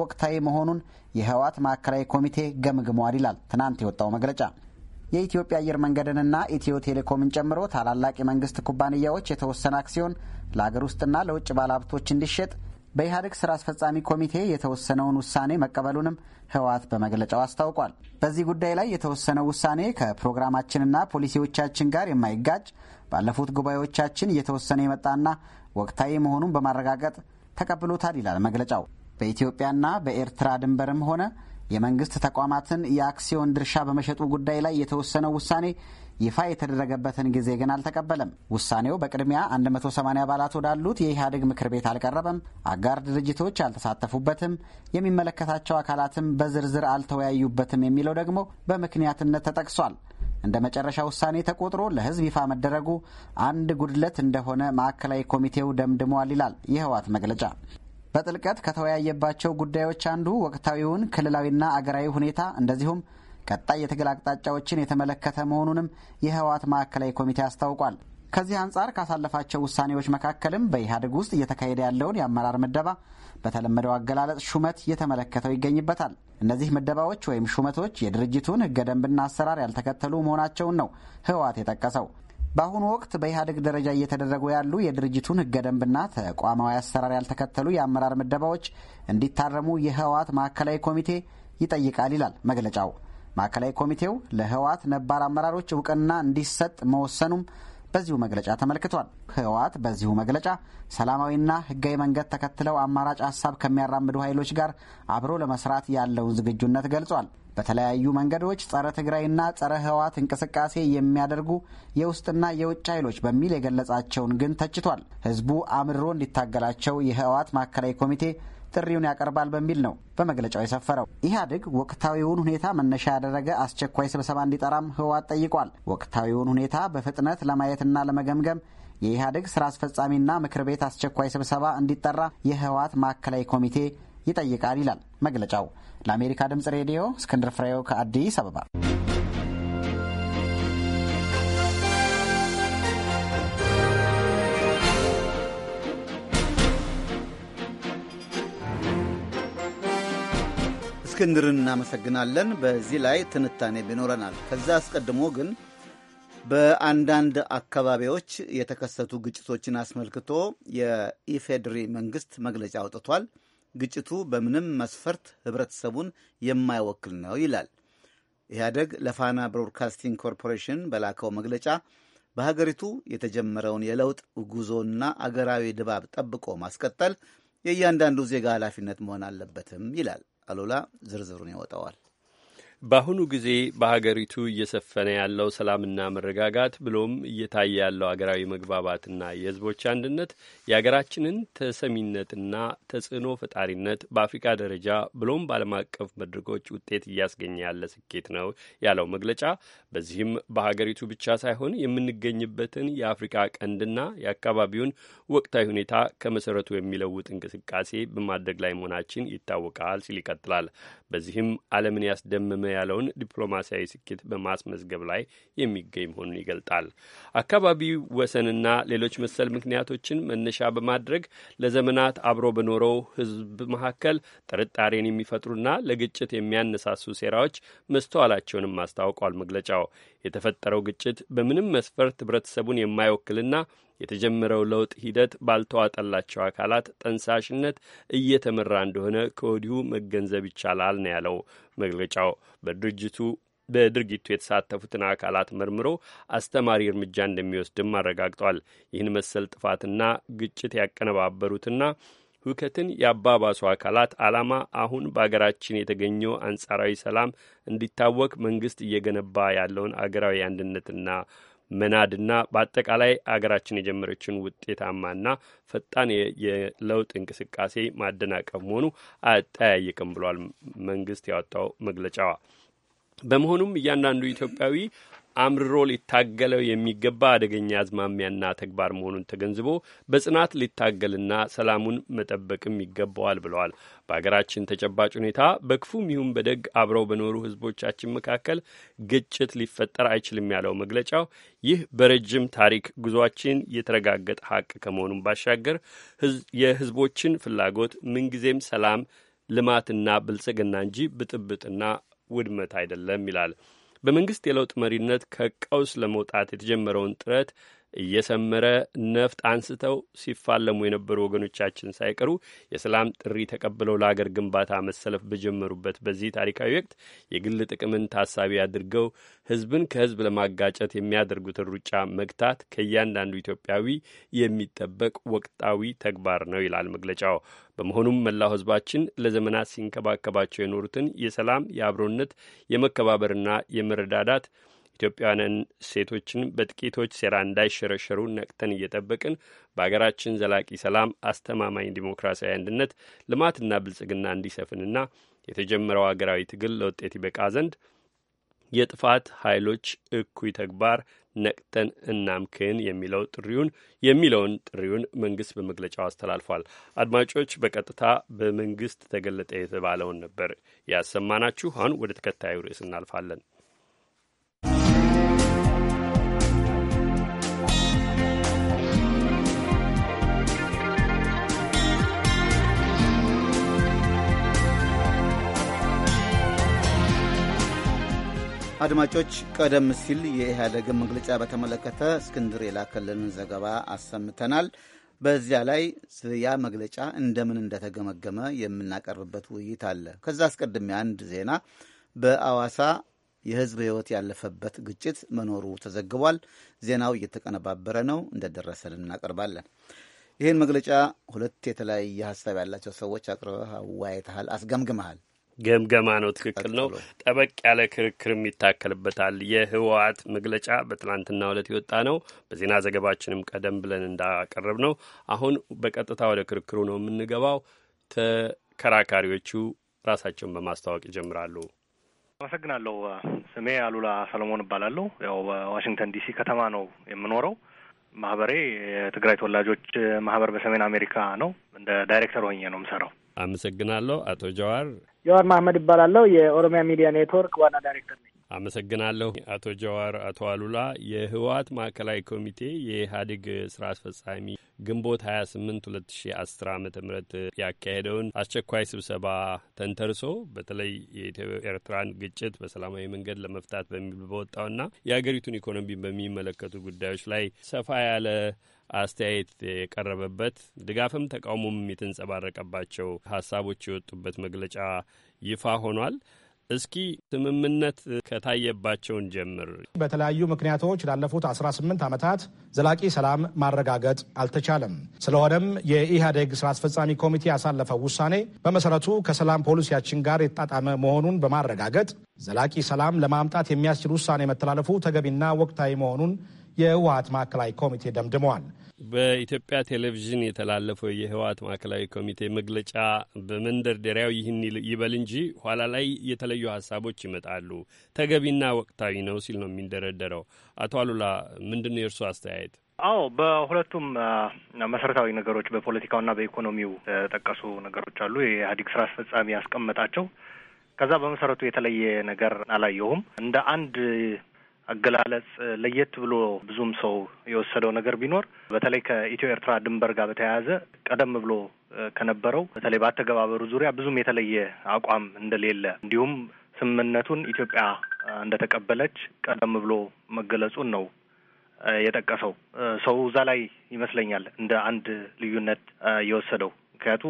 ወቅታዊ መሆኑን የህወሓት ማዕከላዊ ኮሚቴ ገምግሟል ይላል ትናንት የወጣው መግለጫ። የኢትዮጵያ አየር መንገድንና ኢትዮ ቴሌኮምን ጨምሮ ታላላቅ የመንግስት ኩባንያዎች የተወሰነ አክሲዮን ለአገር ውስጥና ለውጭ ባለሀብቶች እንዲሸጥ በኢህአዴግ ስራ አስፈጻሚ ኮሚቴ የተወሰነውን ውሳኔ መቀበሉንም ህወሓት በመግለጫው አስታውቋል። በዚህ ጉዳይ ላይ የተወሰነው ውሳኔ ከፕሮግራማችንና ፖሊሲዎቻችን ጋር የማይጋጭ ባለፉት ጉባኤዎቻችን እየተወሰነ የመጣና ወቅታዊ መሆኑን በማረጋገጥ ተቀብሎታል ይላል መግለጫው። በኢትዮጵያና በኤርትራ ድንበርም ሆነ የመንግስት ተቋማትን የአክሲዮን ድርሻ በመሸጡ ጉዳይ ላይ የተወሰነው ውሳኔ ይፋ የተደረገበትን ጊዜ ግን አልተቀበለም። ውሳኔው በቅድሚያ 180 አባላት ወዳሉት የኢህአዴግ ምክር ቤት አልቀረበም፣ አጋር ድርጅቶች አልተሳተፉበትም፣ የሚመለከታቸው አካላትም በዝርዝር አልተወያዩበትም የሚለው ደግሞ በምክንያትነት ተጠቅሷል። እንደ መጨረሻ ውሳኔ ተቆጥሮ ለሕዝብ ይፋ መደረጉ አንድ ጉድለት እንደሆነ ማዕከላዊ ኮሚቴው ደምድመዋል ይላል የህወሓት መግለጫ። በጥልቀት ከተወያየባቸው ጉዳዮች አንዱ ወቅታዊውን ክልላዊና አገራዊ ሁኔታ እንደዚሁም ቀጣይ የትግል አቅጣጫዎችን የተመለከተ መሆኑንም የህወሓት ማዕከላዊ ኮሚቴ አስታውቋል። ከዚህ አንጻር ካሳለፋቸው ውሳኔዎች መካከልም በኢህአዴግ ውስጥ እየተካሄደ ያለውን የአመራር ምደባ በተለመደው አገላለጽ ሹመት እየተመለከተው ይገኝበታል። እነዚህ ምደባዎች ወይም ሹመቶች የድርጅቱን ህገ ደንብና አሰራር ያልተከተሉ መሆናቸውን ነው ህወሓት የጠቀሰው። በአሁኑ ወቅት በኢህአዴግ ደረጃ እየተደረጉ ያሉ የድርጅቱን ህገ ደንብና ተቋማዊ አሰራር ያልተከተሉ የአመራር ምደባዎች እንዲታረሙ የህወሓት ማዕከላዊ ኮሚቴ ይጠይቃል ይላል መግለጫው። ማዕከላዊ ኮሚቴው ለህወሓት ነባር አመራሮች እውቅና እንዲሰጥ መወሰኑም በዚሁ መግለጫ ተመልክቷል። ህወሓት በዚሁ መግለጫ ሰላማዊና ህጋዊ መንገድ ተከትለው አማራጭ ሀሳብ ከሚያራምዱ ኃይሎች ጋር አብሮ ለመስራት ያለውን ዝግጁነት ገልጿል። በተለያዩ መንገዶች ጸረ ትግራይና ጸረ ህወሓት እንቅስቃሴ የሚያደርጉ የውስጥና የውጭ ኃይሎች በሚል የገለጻቸውን ግን ተችቷል። ህዝቡ አምርሮ እንዲታገላቸው የህወሓት ማዕከላዊ ኮሚቴ ጥሪውን ያቀርባል በሚል ነው በመግለጫው የሰፈረው። ኢህአዴግ ወቅታዊውን ሁኔታ መነሻ ያደረገ አስቸኳይ ስብሰባ እንዲጠራም ህወሓት ጠይቋል። ወቅታዊውን ሁኔታ በፍጥነት ለማየትና ለመገምገም የኢህአዴግ ስራ አስፈጻሚና ምክር ቤት አስቸኳይ ስብሰባ እንዲጠራ የህወሓት ማዕከላዊ ኮሚቴ ይጠይቃል ይላል መግለጫው። ለአሜሪካ ድምጽ ሬዲዮ እስክንድር ፍሬው ከአዲስ አበባ እስክንድርን እናመሰግናለን። በዚህ ላይ ትንታኔ ይኖረናል። ከዛ አስቀድሞ ግን በአንዳንድ አካባቢዎች የተከሰቱ ግጭቶችን አስመልክቶ የኢፌድሪ መንግስት መግለጫ አውጥቷል። ግጭቱ በምንም መስፈርት ህብረተሰቡን የማይወክል ነው ይላል። ኢህአደግ ለፋና ብሮድካስቲንግ ኮርፖሬሽን በላከው መግለጫ በሀገሪቱ የተጀመረውን የለውጥ ጉዞና አገራዊ ድባብ ጠብቆ ማስቀጠል የእያንዳንዱ ዜጋ ኃላፊነት መሆን አለበትም ይላል። አሉላ ዝርዝሩን ያወጣዋል። በአሁኑ ጊዜ በሀገሪቱ እየሰፈነ ያለው ሰላምና መረጋጋት ብሎም እየታየ ያለው አገራዊ መግባባትና የሕዝቦች አንድነት የሀገራችንን ተሰሚነትና ተጽዕኖ ፈጣሪነት በአፍሪካ ደረጃ ብሎም በዓለም አቀፍ መድረኮች ውጤት እያስገኘ ያለ ስኬት ነው ያለው መግለጫ፣ በዚህም በሀገሪቱ ብቻ ሳይሆን የምንገኝበትን የአፍሪካ ቀንድና የአካባቢውን ወቅታዊ ሁኔታ ከመሰረቱ የሚለውጥ እንቅስቃሴ በማድረግ ላይ መሆናችን ይታወቃል ሲል ይቀጥላል። በዚህም ዓለምን ያስደመመ ያለውን ዲፕሎማሲያዊ ስኬት በማስመዝገብ ላይ የሚገኝ መሆኑን ይገልጣል። አካባቢው ወሰንና ሌሎች መሰል ምክንያቶችን መነሻ በማድረግ ለዘመናት አብሮ በኖረው ሕዝብ መካከል ጥርጣሬን የሚፈጥሩና ለግጭት የሚያነሳሱ ሴራዎች መስተዋላቸውንም አስታውቋል መግለጫው። የተፈጠረው ግጭት በምንም መስፈርት ህብረተሰቡን የማይወክልና የተጀመረው ለውጥ ሂደት ባልተዋጠላቸው አካላት ጠንሳሽነት እየተመራ እንደሆነ ከወዲሁ መገንዘብ ይቻላል ነው ያለው መግለጫው። በድርጅቱ በድርጊቱ የተሳተፉትን አካላት መርምሮ አስተማሪ እርምጃ እንደሚወስድም አረጋግጧል። ይህን መሰል ጥፋትና ግጭት ያቀነባበሩትና ሁከትን ያባባሱ አካላት ዓላማ አሁን በአገራችን የተገኘው አንጻራዊ ሰላም እንዲታወቅ መንግስት እየገነባ ያለውን አገራዊ አንድነትና መናድና በአጠቃላይ አገራችን የጀመረችን ውጤታማና ፈጣን የለውጥ እንቅስቃሴ ማደናቀፍ መሆኑ አያጠያይቅም ብሏል መንግስት ያወጣው መግለጫዋ። በመሆኑም እያንዳንዱ ኢትዮጵያዊ አምርሮ ሊታገለው የሚገባ አደገኛ አዝማሚያና ተግባር መሆኑን ተገንዝቦ በጽናት ሊታገልና ሰላሙን መጠበቅም ይገባዋል ብለዋል። በሀገራችን ተጨባጭ ሁኔታ በክፉም ይሁን በደግ አብረው በኖሩ ሕዝቦቻችን መካከል ግጭት ሊፈጠር አይችልም ያለው መግለጫው ይህ በረጅም ታሪክ ጉዟችን የተረጋገጠ ሀቅ ከመሆኑን ባሻገር የሕዝቦችን ፍላጎት ምንጊዜም ሰላም፣ ልማትና ብልጽግና እንጂ ብጥብጥና ውድመት አይደለም ይላል። በመንግስት የለውጥ መሪነት ከቀውስ ለመውጣት የተጀመረውን ጥረት እየሰመረ ነፍጥ አንስተው ሲፋለሙ የነበሩ ወገኖቻችን ሳይቀሩ የሰላም ጥሪ ተቀብለው ለአገር ግንባታ መሰለፍ በጀመሩበት በዚህ ታሪካዊ ወቅት የግል ጥቅምን ታሳቢ አድርገው ሕዝብን ከሕዝብ ለማጋጨት የሚያደርጉትን ሩጫ መግታት ከእያንዳንዱ ኢትዮጵያዊ የሚጠበቅ ወቅታዊ ተግባር ነው ይላል መግለጫው። በመሆኑም መላው ሕዝባችን ለዘመናት ሲንከባከባቸው የኖሩትን የሰላም፣ የአብሮነት፣ የመከባበርና የመረዳዳት ኢትዮጵያውያንን ሴቶችን በጥቂቶች ሴራ እንዳይሸረሸሩ ነቅተን እየጠበቅን በሀገራችን ዘላቂ ሰላም፣ አስተማማኝ ዲሞክራሲያዊ አንድነት፣ ልማትና ብልጽግና እንዲሰፍንና የተጀመረው ሀገራዊ ትግል ለውጤት ይበቃ ዘንድ የጥፋት ኃይሎች እኩይ ተግባር ነቅተን እናምክን የሚለው ጥሪውን የሚለውን ጥሪውን መንግስት በመግለጫው አስተላልፏል። አድማጮች በቀጥታ በመንግስት ተገለጠ የተባለውን ነበር ያሰማናችሁ። አሁን ወደ ተከታዩ ርዕስ እናልፋለን። አድማጮች ቀደም ሲል የኢህአደግን መግለጫ በተመለከተ እስክንድር የላከልን ዘገባ አሰምተናል። በዚያ ላይ ያ መግለጫ እንደምን እንደተገመገመ የምናቀርብበት ውይይት አለ። ከዛ አስቀድሜ አንድ ዜና በአዋሳ የህዝብ ህይወት ያለፈበት ግጭት መኖሩ ተዘግቧል። ዜናው እየተቀነባበረ ነው፣ እንደደረሰን እናቀርባለን። ይህን መግለጫ ሁለት የተለያየ ሀሳብ ያላቸው ሰዎች አቅርበህ አወያይተሃል፣ አስገምግመሃል። ገምገማ ነው። ትክክል ነው። ጠበቅ ያለ ክርክርም ይታከልበታል። የህወሓት መግለጫ በትናንትናው ዕለት የወጣ ነው። በዜና ዘገባችንም ቀደም ብለን እንዳቀረብ ነው። አሁን በቀጥታ ወደ ክርክሩ ነው የምንገባው። ተከራካሪዎቹ ራሳቸውን በማስተዋወቅ ይጀምራሉ። አመሰግናለሁ። ስሜ አሉላ ሰለሞን እባላለሁ። ያው በዋሽንግተን ዲሲ ከተማ ነው የምኖረው። ማህበሬ የትግራይ ተወላጆች ማህበር በሰሜን አሜሪካ ነው። እንደ ዳይሬክተር ሆኜ ነው የምሰራው። አመሰግናለሁ። አቶ ጀዋር ጀዋር መሀመድ ይባላለሁ። የኦሮሚያ ሚዲያ ኔትወርክ ዋና ዳይሬክተር ነኝ። አመሰግናለሁ አቶ ጀዋር። አቶ አሉላ የህወሓት ማዕከላዊ ኮሚቴ የኢህአዴግ ስራ አስፈጻሚ ግንቦት 28 2010 ዓ ም ያካሄደውን አስቸኳይ ስብሰባ ተንተርሶ በተለይ የኢትዮ ኤርትራን ግጭት በሰላማዊ መንገድ ለመፍታት በሚል በወጣውና የአገሪቱን ኢኮኖሚ በሚመለከቱ ጉዳዮች ላይ ሰፋ ያለ አስተያየት የቀረበበት ድጋፍም ተቃውሞም የተንጸባረቀባቸው ሀሳቦች የወጡበት መግለጫ ይፋ ሆኗል። እስኪ ስምምነት ከታየባቸውን ጀምር። በተለያዩ ምክንያቶች ላለፉት 18 ዓመታት ዘላቂ ሰላም ማረጋገጥ አልተቻለም። ስለሆነም የኢህአዴግ ስራ አስፈጻሚ ኮሚቴ ያሳለፈው ውሳኔ በመሰረቱ ከሰላም ፖሊሲያችን ጋር የተጣጣመ መሆኑን በማረጋገጥ ዘላቂ ሰላም ለማምጣት የሚያስችል ውሳኔ መተላለፉ ተገቢና ወቅታዊ መሆኑን የህወሀት ማዕከላዊ ኮሚቴ ደምድመዋል። በኢትዮጵያ ቴሌቪዥን የተላለፈው የህወሓት ማዕከላዊ ኮሚቴ መግለጫ በመንደርደሪያው ይህን ይበል እንጂ ኋላ ላይ የተለዩ ሀሳቦች ይመጣሉ፣ ተገቢና ወቅታዊ ነው ሲል ነው የሚንደረደረው። አቶ አሉላ ምንድን ነው የእርሱ አስተያየት? አዎ በሁለቱም መሰረታዊ ነገሮች በፖለቲካውና በኢኮኖሚው የጠቀሱ ነገሮች አሉ። የኢህአዴግ ስራ አስፈጻሚ ያስቀመጣቸው ከዛ በመሰረቱ የተለየ ነገር አላየሁም። እንደ አንድ አገላለጽ ለየት ብሎ ብዙም ሰው የወሰደው ነገር ቢኖር በተለይ ከኢትዮ ኤርትራ ድንበር ጋር በተያያዘ ቀደም ብሎ ከነበረው በተለይ በአተገባበሩ ዙሪያ ብዙም የተለየ አቋም እንደሌለ እንዲሁም ስምምነቱን ኢትዮጵያ እንደተቀበለች ቀደም ብሎ መገለጹን ነው የጠቀሰው። ሰው እዛ ላይ ይመስለኛል እንደ አንድ ልዩነት የወሰደው ምክንያቱ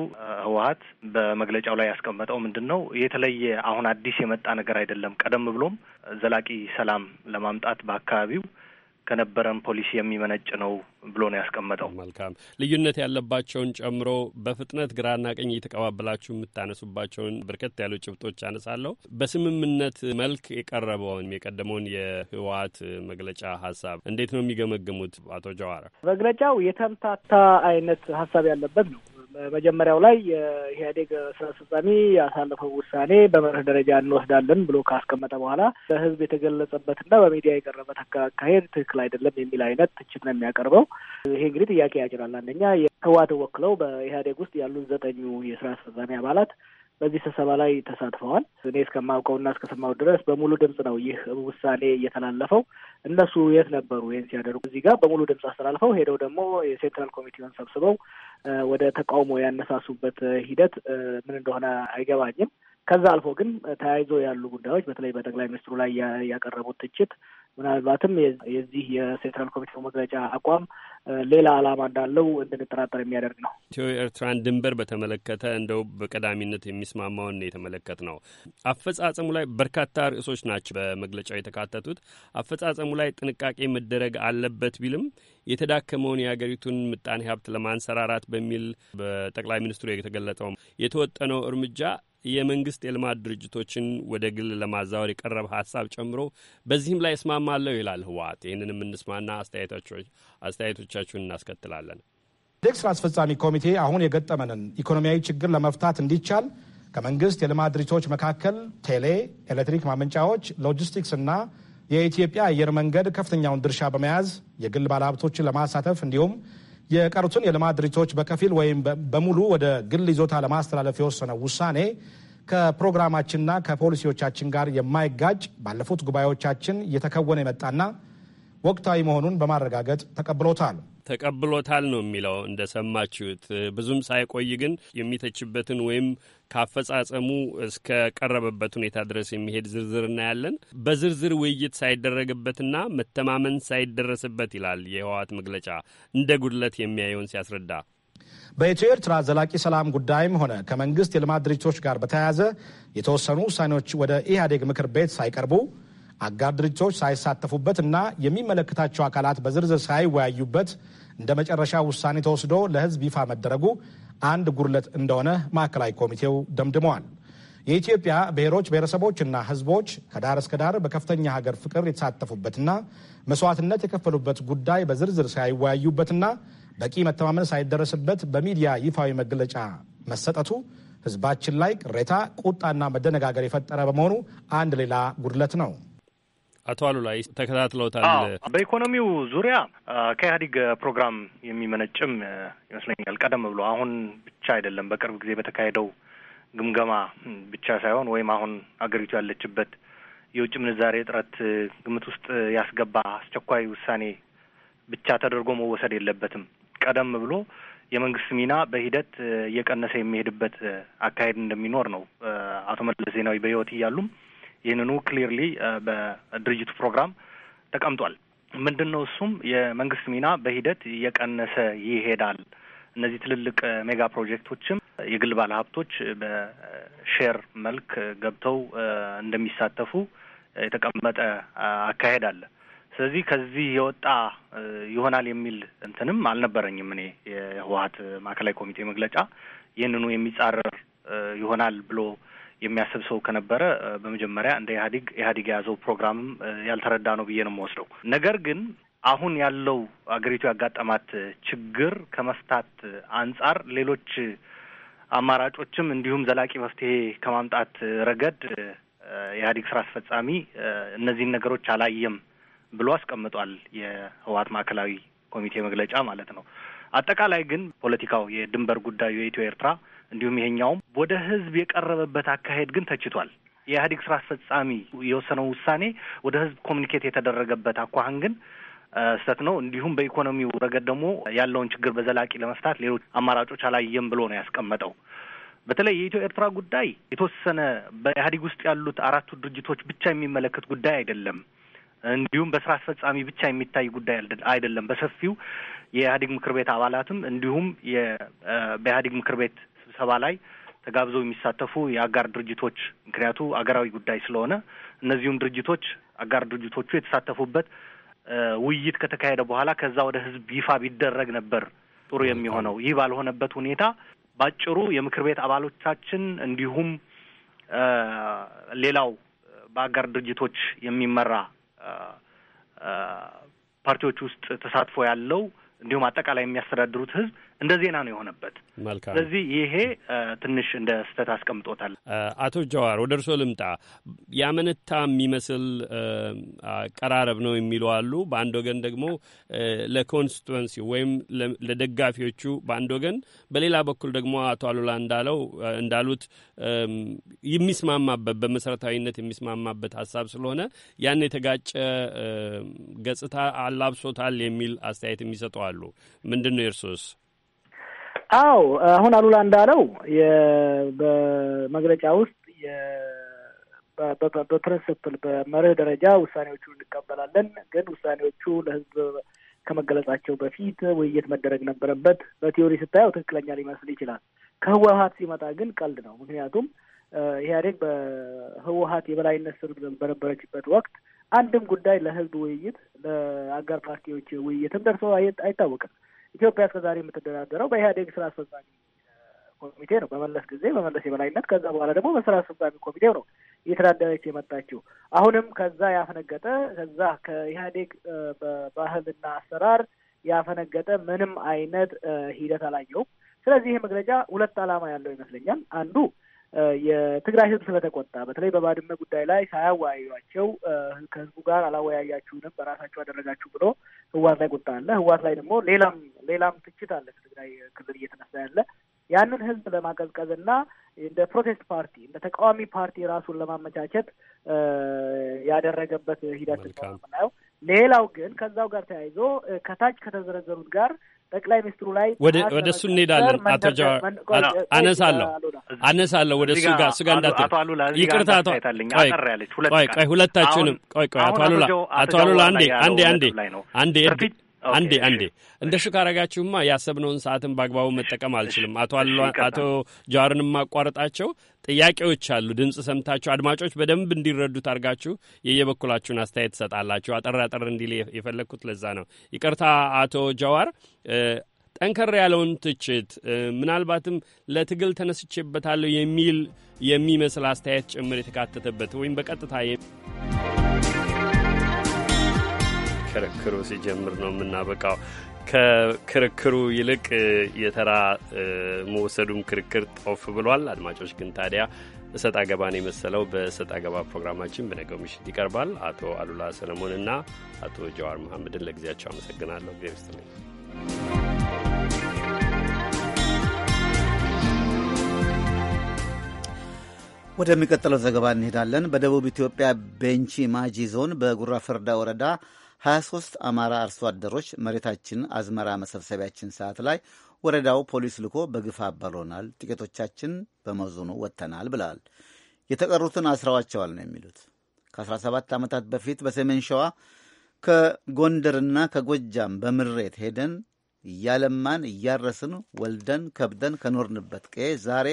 ህወሀት በመግለጫው ላይ ያስቀመጠው ምንድን ነው የተለየ አሁን አዲስ የመጣ ነገር አይደለም። ቀደም ብሎም ዘላቂ ሰላም ለማምጣት በአካባቢው ከነበረን ፖሊሲ የሚመነጭ ነው ብሎ ነው ያስቀመጠው። መልካም ልዩነት ያለባቸውን ጨምሮ በፍጥነት ግራና ቀኝ እየተቀባበላችሁ የምታነሱባቸውን በርከት ያሉ ጭብጦች አነሳለሁ። በስምምነት መልክ የቀረበውን የቀደመውን የህወሀት መግለጫ ሀሳብ እንዴት ነው የሚገመግሙት አቶ ጀዋራ? መግለጫው የተምታታ አይነት ሀሳብ ያለበት ነው። መጀመሪያው ላይ የኢህአዴግ ስራ አስፈጻሚ ያሳለፈው ውሳኔ በመርህ ደረጃ እንወስዳለን ብሎ ካስቀመጠ በኋላ በህዝብ የተገለጸበትና በሚዲያ የቀረበት አካሄድ ትክክል አይደለም የሚል አይነት ትችት ነው የሚያቀርበው። ይሄ እንግዲህ ጥያቄ ያጭራል። አንደኛ ህወሓትን ወክለው በኢህአዴግ ውስጥ ያሉት ዘጠኙ የስራ አስፈጻሚ አባላት በዚህ ስብሰባ ላይ ተሳትፈዋል። እኔ እስከማውቀውና እስከሰማው ድረስ በሙሉ ድምፅ ነው ይህ ውሳኔ እየተላለፈው። እነሱ የት ነበሩ ይህን ሲያደርጉ? እዚህ ጋር በሙሉ ድምፅ አስተላልፈው ሄደው ደግሞ የሴንትራል ኮሚቴውን ሰብስበው ወደ ተቃውሞ ያነሳሱበት ሂደት ምን እንደሆነ አይገባኝም። ከዛ አልፎ ግን ተያይዞ ያሉ ጉዳዮች በተለይ በጠቅላይ ሚኒስትሩ ላይ ያቀረቡት ትችት ምናልባትም የዚህ የሴንትራል ኮሚቴው መግለጫ አቋም ሌላ ዓላማ እንዳለው እንድንጠራጠር የሚያደርግ ነው። ኢትዮ ኤርትራን ድንበር በተመለከተ እንደው በቀዳሚነት የሚስማማውን የተመለከት ነው። አፈጻጸሙ ላይ በርካታ ርዕሶች ናቸው በመግለጫው የተካተቱት። አፈጻጸሙ ላይ ጥንቃቄ መደረግ አለበት ቢልም የተዳከመውን የአገሪቱን ምጣኔ ሀብት ለማንሰራራት በሚል በጠቅላይ ሚኒስትሩ የተገለጸው የተወጠነው እርምጃ የመንግስት የልማት ድርጅቶችን ወደ ግል ለማዛወር የቀረበ ሀሳብ ጨምሮ በዚህም ላይ እስማማለሁ ይላል ህወሓት። ይህንን የምንስማና አስተያየቶቻችሁን እናስከትላለን። ኢህአዴግ ስራ አስፈጻሚ ኮሚቴ አሁን የገጠመንን ኢኮኖሚያዊ ችግር ለመፍታት እንዲቻል ከመንግስት የልማት ድርጅቶች መካከል ቴሌ፣ ኤሌክትሪክ ማመንጫዎች፣ ሎጂስቲክስ እና የኢትዮጵያ አየር መንገድ ከፍተኛውን ድርሻ በመያዝ የግል ባለሀብቶችን ለማሳተፍ እንዲሁም የቀሩትን የልማት ድርጅቶች በከፊል ወይም በሙሉ ወደ ግል ይዞታ ለማስተላለፍ የወሰነው ውሳኔ ከፕሮግራማችንና ከፖሊሲዎቻችን ጋር የማይጋጭ ባለፉት ጉባኤዎቻችን እየተከወነ የመጣና ወቅታዊ መሆኑን በማረጋገጥ ተቀብሎታል። ተቀብሎታል ነው የሚለው እንደሰማችሁት። ብዙም ሳይቆይ ግን የሚተችበትን ወይም ካፈጻጸሙ እስከ ቀረበበት ሁኔታ ድረስ የሚሄድ ዝርዝር እናያለን። በዝርዝር ውይይት ሳይደረግበትና መተማመን ሳይደረስበት ይላል የህወሓት መግለጫ እንደ ጉድለት የሚያየውን ሲያስረዳ በኢትዮ ኤርትራ ዘላቂ ሰላም ጉዳይም ሆነ ከመንግስት የልማት ድርጅቶች ጋር በተያያዘ የተወሰኑ ውሳኔዎች ወደ ኢህአዴግ ምክር ቤት ሳይቀርቡ አጋር ድርጅቶች ሳይሳተፉበት እና የሚመለከታቸው አካላት በዝርዝር ሳይወያዩበት እንደ መጨረሻ ውሳኔ ተወስዶ ለሕዝብ ይፋ መደረጉ አንድ ጉድለት እንደሆነ ማዕከላዊ ኮሚቴው ደምድመዋል። የኢትዮጵያ ብሔሮች ብሔረሰቦችና ሕዝቦች ከዳር እስከ ዳር በከፍተኛ ሀገር ፍቅር የተሳተፉበትና መስዋዕትነት የከፈሉበት ጉዳይ በዝርዝር ሳይወያዩበትና በቂ መተማመን ሳይደረስበት በሚዲያ ይፋዊ መግለጫ መሰጠቱ ሕዝባችን ላይ ቅሬታ፣ ቁጣና መደነጋገር የፈጠረ በመሆኑ አንድ ሌላ ጉድለት ነው። አቶ አሉላ ተከታትለውታል። በኢኮኖሚው ዙሪያ ከኢህአዴግ ፕሮግራም የሚመነጭም ይመስለኛል። ቀደም ብሎ አሁን ብቻ አይደለም፣ በቅርብ ጊዜ በተካሄደው ግምገማ ብቻ ሳይሆን ወይም አሁን አገሪቱ ያለችበት የውጭ ምንዛሬ እጥረት ግምት ውስጥ ያስገባ አስቸኳይ ውሳኔ ብቻ ተደርጎ መወሰድ የለበትም። ቀደም ብሎ የመንግስት ሚና በሂደት እየቀነሰ የሚሄድበት አካሄድ እንደሚኖር ነው አቶ መለስ ዜናዊ በህይወት እያሉም ይህንኑ ክሊርሊ በድርጅቱ ፕሮግራም ተቀምጧል። ምንድን ነው እሱም የመንግስት ሚና በሂደት እየቀነሰ ይሄዳል። እነዚህ ትልልቅ ሜጋ ፕሮጀክቶችም የግል ባለሀብቶች በሼር መልክ ገብተው እንደሚሳተፉ የተቀመጠ አካሄድ አለ። ስለዚህ ከዚህ የወጣ ይሆናል የሚል እንትንም አልነበረኝም። እኔ የህወሀት ማዕከላዊ ኮሚቴ መግለጫ ይህንኑ የሚጻረር ይሆናል ብሎ የሚያስብ ሰው ከነበረ በመጀመሪያ እንደ ኢህአዴግ ኢህአዴግ የያዘው ፕሮግራምም ያልተረዳ ነው ብዬ ነው የምወስደው። ነገር ግን አሁን ያለው አገሪቱ ያጋጠማት ችግር ከመፍታት አንጻር ሌሎች አማራጮችም እንዲሁም ዘላቂ መፍትሄ ከማምጣት ረገድ የኢህአዴግ ስራ አስፈጻሚ እነዚህን ነገሮች አላየም ብሎ አስቀምጧል። የህወሓት ማዕከላዊ ኮሚቴ መግለጫ ማለት ነው። አጠቃላይ ግን ፖለቲካው የድንበር ጉዳዩ የኢትዮ ኤርትራ እንዲሁም ይሄኛውም ወደ ህዝብ የቀረበበት አካሄድ ግን ተችቷል። የኢህአዴግ ስራ አስፈጻሚ የወሰነው ውሳኔ ወደ ህዝብ ኮሚኒኬት የተደረገበት አኳኋን ግን ስህተት ነው። እንዲሁም በኢኮኖሚው ረገድ ደግሞ ያለውን ችግር በዘላቂ ለመፍታት ሌሎች አማራጮች አላየም ብሎ ነው ያስቀመጠው። በተለይ የኢትዮ ኤርትራ ጉዳይ የተወሰነ በኢህአዴግ ውስጥ ያሉት አራቱ ድርጅቶች ብቻ የሚመለከት ጉዳይ አይደለም። እንዲሁም በስራ አስፈጻሚ ብቻ የሚታይ ጉዳይ አይደለም። በሰፊው የኢህአዴግ ምክር ቤት አባላትም እንዲሁም በኢህአዴግ ምክር ቤት ስብሰባ ላይ ተጋብዘው የሚሳተፉ የአጋር ድርጅቶች ምክንያቱ አገራዊ ጉዳይ ስለሆነ እነዚሁም ድርጅቶች አጋር ድርጅቶቹ የተሳተፉበት ውይይት ከተካሄደ በኋላ ከዛ ወደ ህዝብ ይፋ ቢደረግ ነበር ጥሩ የሚሆነው። ይህ ባልሆነበት ሁኔታ ባጭሩ የምክር ቤት አባሎቻችን እንዲሁም ሌላው በአጋር ድርጅቶች የሚመራ ፓርቲዎች ውስጥ ተሳትፎ ያለው እንዲሁም አጠቃላይ የሚያስተዳድሩት ህዝብ እንደ ዜና ነው የሆነበት። ስለዚህ ይሄ ትንሽ እንደ ስህተት አስቀምጦታል። አቶ ጀዋር ወደ እርስዎ ልምጣ። ያመነታ የሚመስል አቀራረብ ነው የሚሉ አሉ። በአንድ ወገን ደግሞ ለኮንስቲትዌንሲ ወይም ለደጋፊዎቹ በአንድ ወገን፣ በሌላ በኩል ደግሞ አቶ አሉላ እንዳለው እንዳሉት የሚስማማበት በመሰረታዊነት የሚስማማበት ሀሳብ ስለሆነ ያን የተጋጨ ገጽታ አላብሶታል የሚል አስተያየት የሚሰጡ አሉ። ምንድን ነው የእርሶስ? አዎ አሁን አሉላ እንዳለው በመግለጫ ውስጥ በፕሪንስፕል በመርህ ደረጃ ውሳኔዎቹ እንቀበላለን፣ ግን ውሳኔዎቹ ለህዝብ ከመገለጻቸው በፊት ውይይት መደረግ ነበረበት። በቲዮሪ ስታየው ትክክለኛ ሊመስል ይችላል። ከህወሀት ሲመጣ ግን ቀልድ ነው። ምክንያቱም ኢህአዴግ በህወሀት የበላይነት ስር በነበረችበት ወቅት አንድም ጉዳይ ለህዝብ ውይይት፣ ለአጋር ፓርቲዎች ውይይትም ደርሶ አይታወቅም። ኢትዮጵያ እስከዛሬ የምትደራደረው በኢህአዴግ ስራ አስፈጻሚ ኮሚቴ ነው፣ በመለስ ጊዜ በመለስ የበላይነት፣ ከዛ በኋላ ደግሞ በስራ አስፈጻሚ ኮሚቴው ነው እየተዳደረች የመጣችው። አሁንም ከዛ ያፈነገጠ ከዛ ከኢህአዴግ ባህልና አሰራር ያፈነገጠ ምንም አይነት ሂደት አላየውም። ስለዚህ ይህ መግለጫ ሁለት ዓላማ ያለው ይመስለኛል። አንዱ የትግራይ ህዝብ ስለተቆጣ በተለይ በባድመ ጉዳይ ላይ ሳያወያዩቸው ከህዝቡ ጋር አላወያያችሁንም በራሳቸው አደረጋችሁ ብሎ ህዋት ላይ ቁጣ አለ። ህዋት ላይ ደግሞ ሌላም ሌላም ትችት አለ ከትግራይ ክልል እየተነሳ ያለ ያንን ህዝብ ለማቀዝቀዝ እና እንደ ፕሮቴስት ፓርቲ እንደ ተቃዋሚ ፓርቲ ራሱን ለማመቻቸት ያደረገበት ሂደት ነው ሌላው ግን ከዛው ጋር ተያይዞ ከታች ከተዘረዘሩት ጋር ጠቅላይ ሚኒስትሩ ላይ ወደ እሱ እንሄዳለን። አቶ ጃዋር አነሳለሁ አነሳለሁ ወደ እሱ ጋር እሱ ጋር እንዳትል ይቅርታ። አቶ ሁለታችሁንም ቆይ ቆይ አቶ አሉላ አቶ አሉላ አንዴ አንዴ አንዴ አንዴ አንዴ አንዴ እንደ ሹ ካረጋችሁማ ያሰብነውን ሰዓትን በአግባቡ መጠቀም አልችልም። አቶ አቶ ጃዋርን ማቋረጣቸው ጥያቄዎች አሉ። ድምፅ ሰምታችሁ አድማጮች በደንብ እንዲረዱት አድርጋችሁ የየበኩላችሁን አስተያየት ትሰጣላችሁ። አጠር አጠር እንዲል የፈለግኩት ለዛ ነው። ይቅርታ አቶ ጃዋር ጠንከር ያለውን ትችት ምናልባትም ለትግል ተነስቼበታለሁ የሚል የሚመስል አስተያየት ጭምር የተካተተበት ወይም በቀጥታ ክርክሩ ሲጀምር ነው የምናበቃው። ከክርክሩ ይልቅ የተራ መውሰዱም ክርክር ጦፍ ብሏል። አድማጮች ግን ታዲያ እሰጥ አገባን የመሰለው በእሰጥ አገባ ፕሮግራማችን በነገው ምሽት ይቀርባል። አቶ አሉላ እና አቶ ጀዋር መሐመድን ለጊዜያቸው አመሰግናለሁ። ጊዜ ውስጥ ነኝ። ወደሚቀጥለው ዘገባ እንሄዳለን። በደቡብ ኢትዮጵያ ቤንቺ ማጂ ዞን በጉራ ፈርዳ ወረዳ 23 አማራ አርሶ አደሮች መሬታችን አዝመራ መሰብሰቢያችን ሰዓት ላይ ወረዳው ፖሊስ ልኮ በግፋ አባሮናል፣ ጥቂቶቻችን በመዞኑ ወጥተናል ብለዋል። የተቀሩትን አስረዋቸዋል ነው የሚሉት። ከ17 ዓመታት በፊት በሰሜን ሸዋ ከጎንደርና ከጎጃም በምሬት ሄደን እያለማን እያረስን ወልደን ከብደን ከኖርንበት ቀ ዛሬ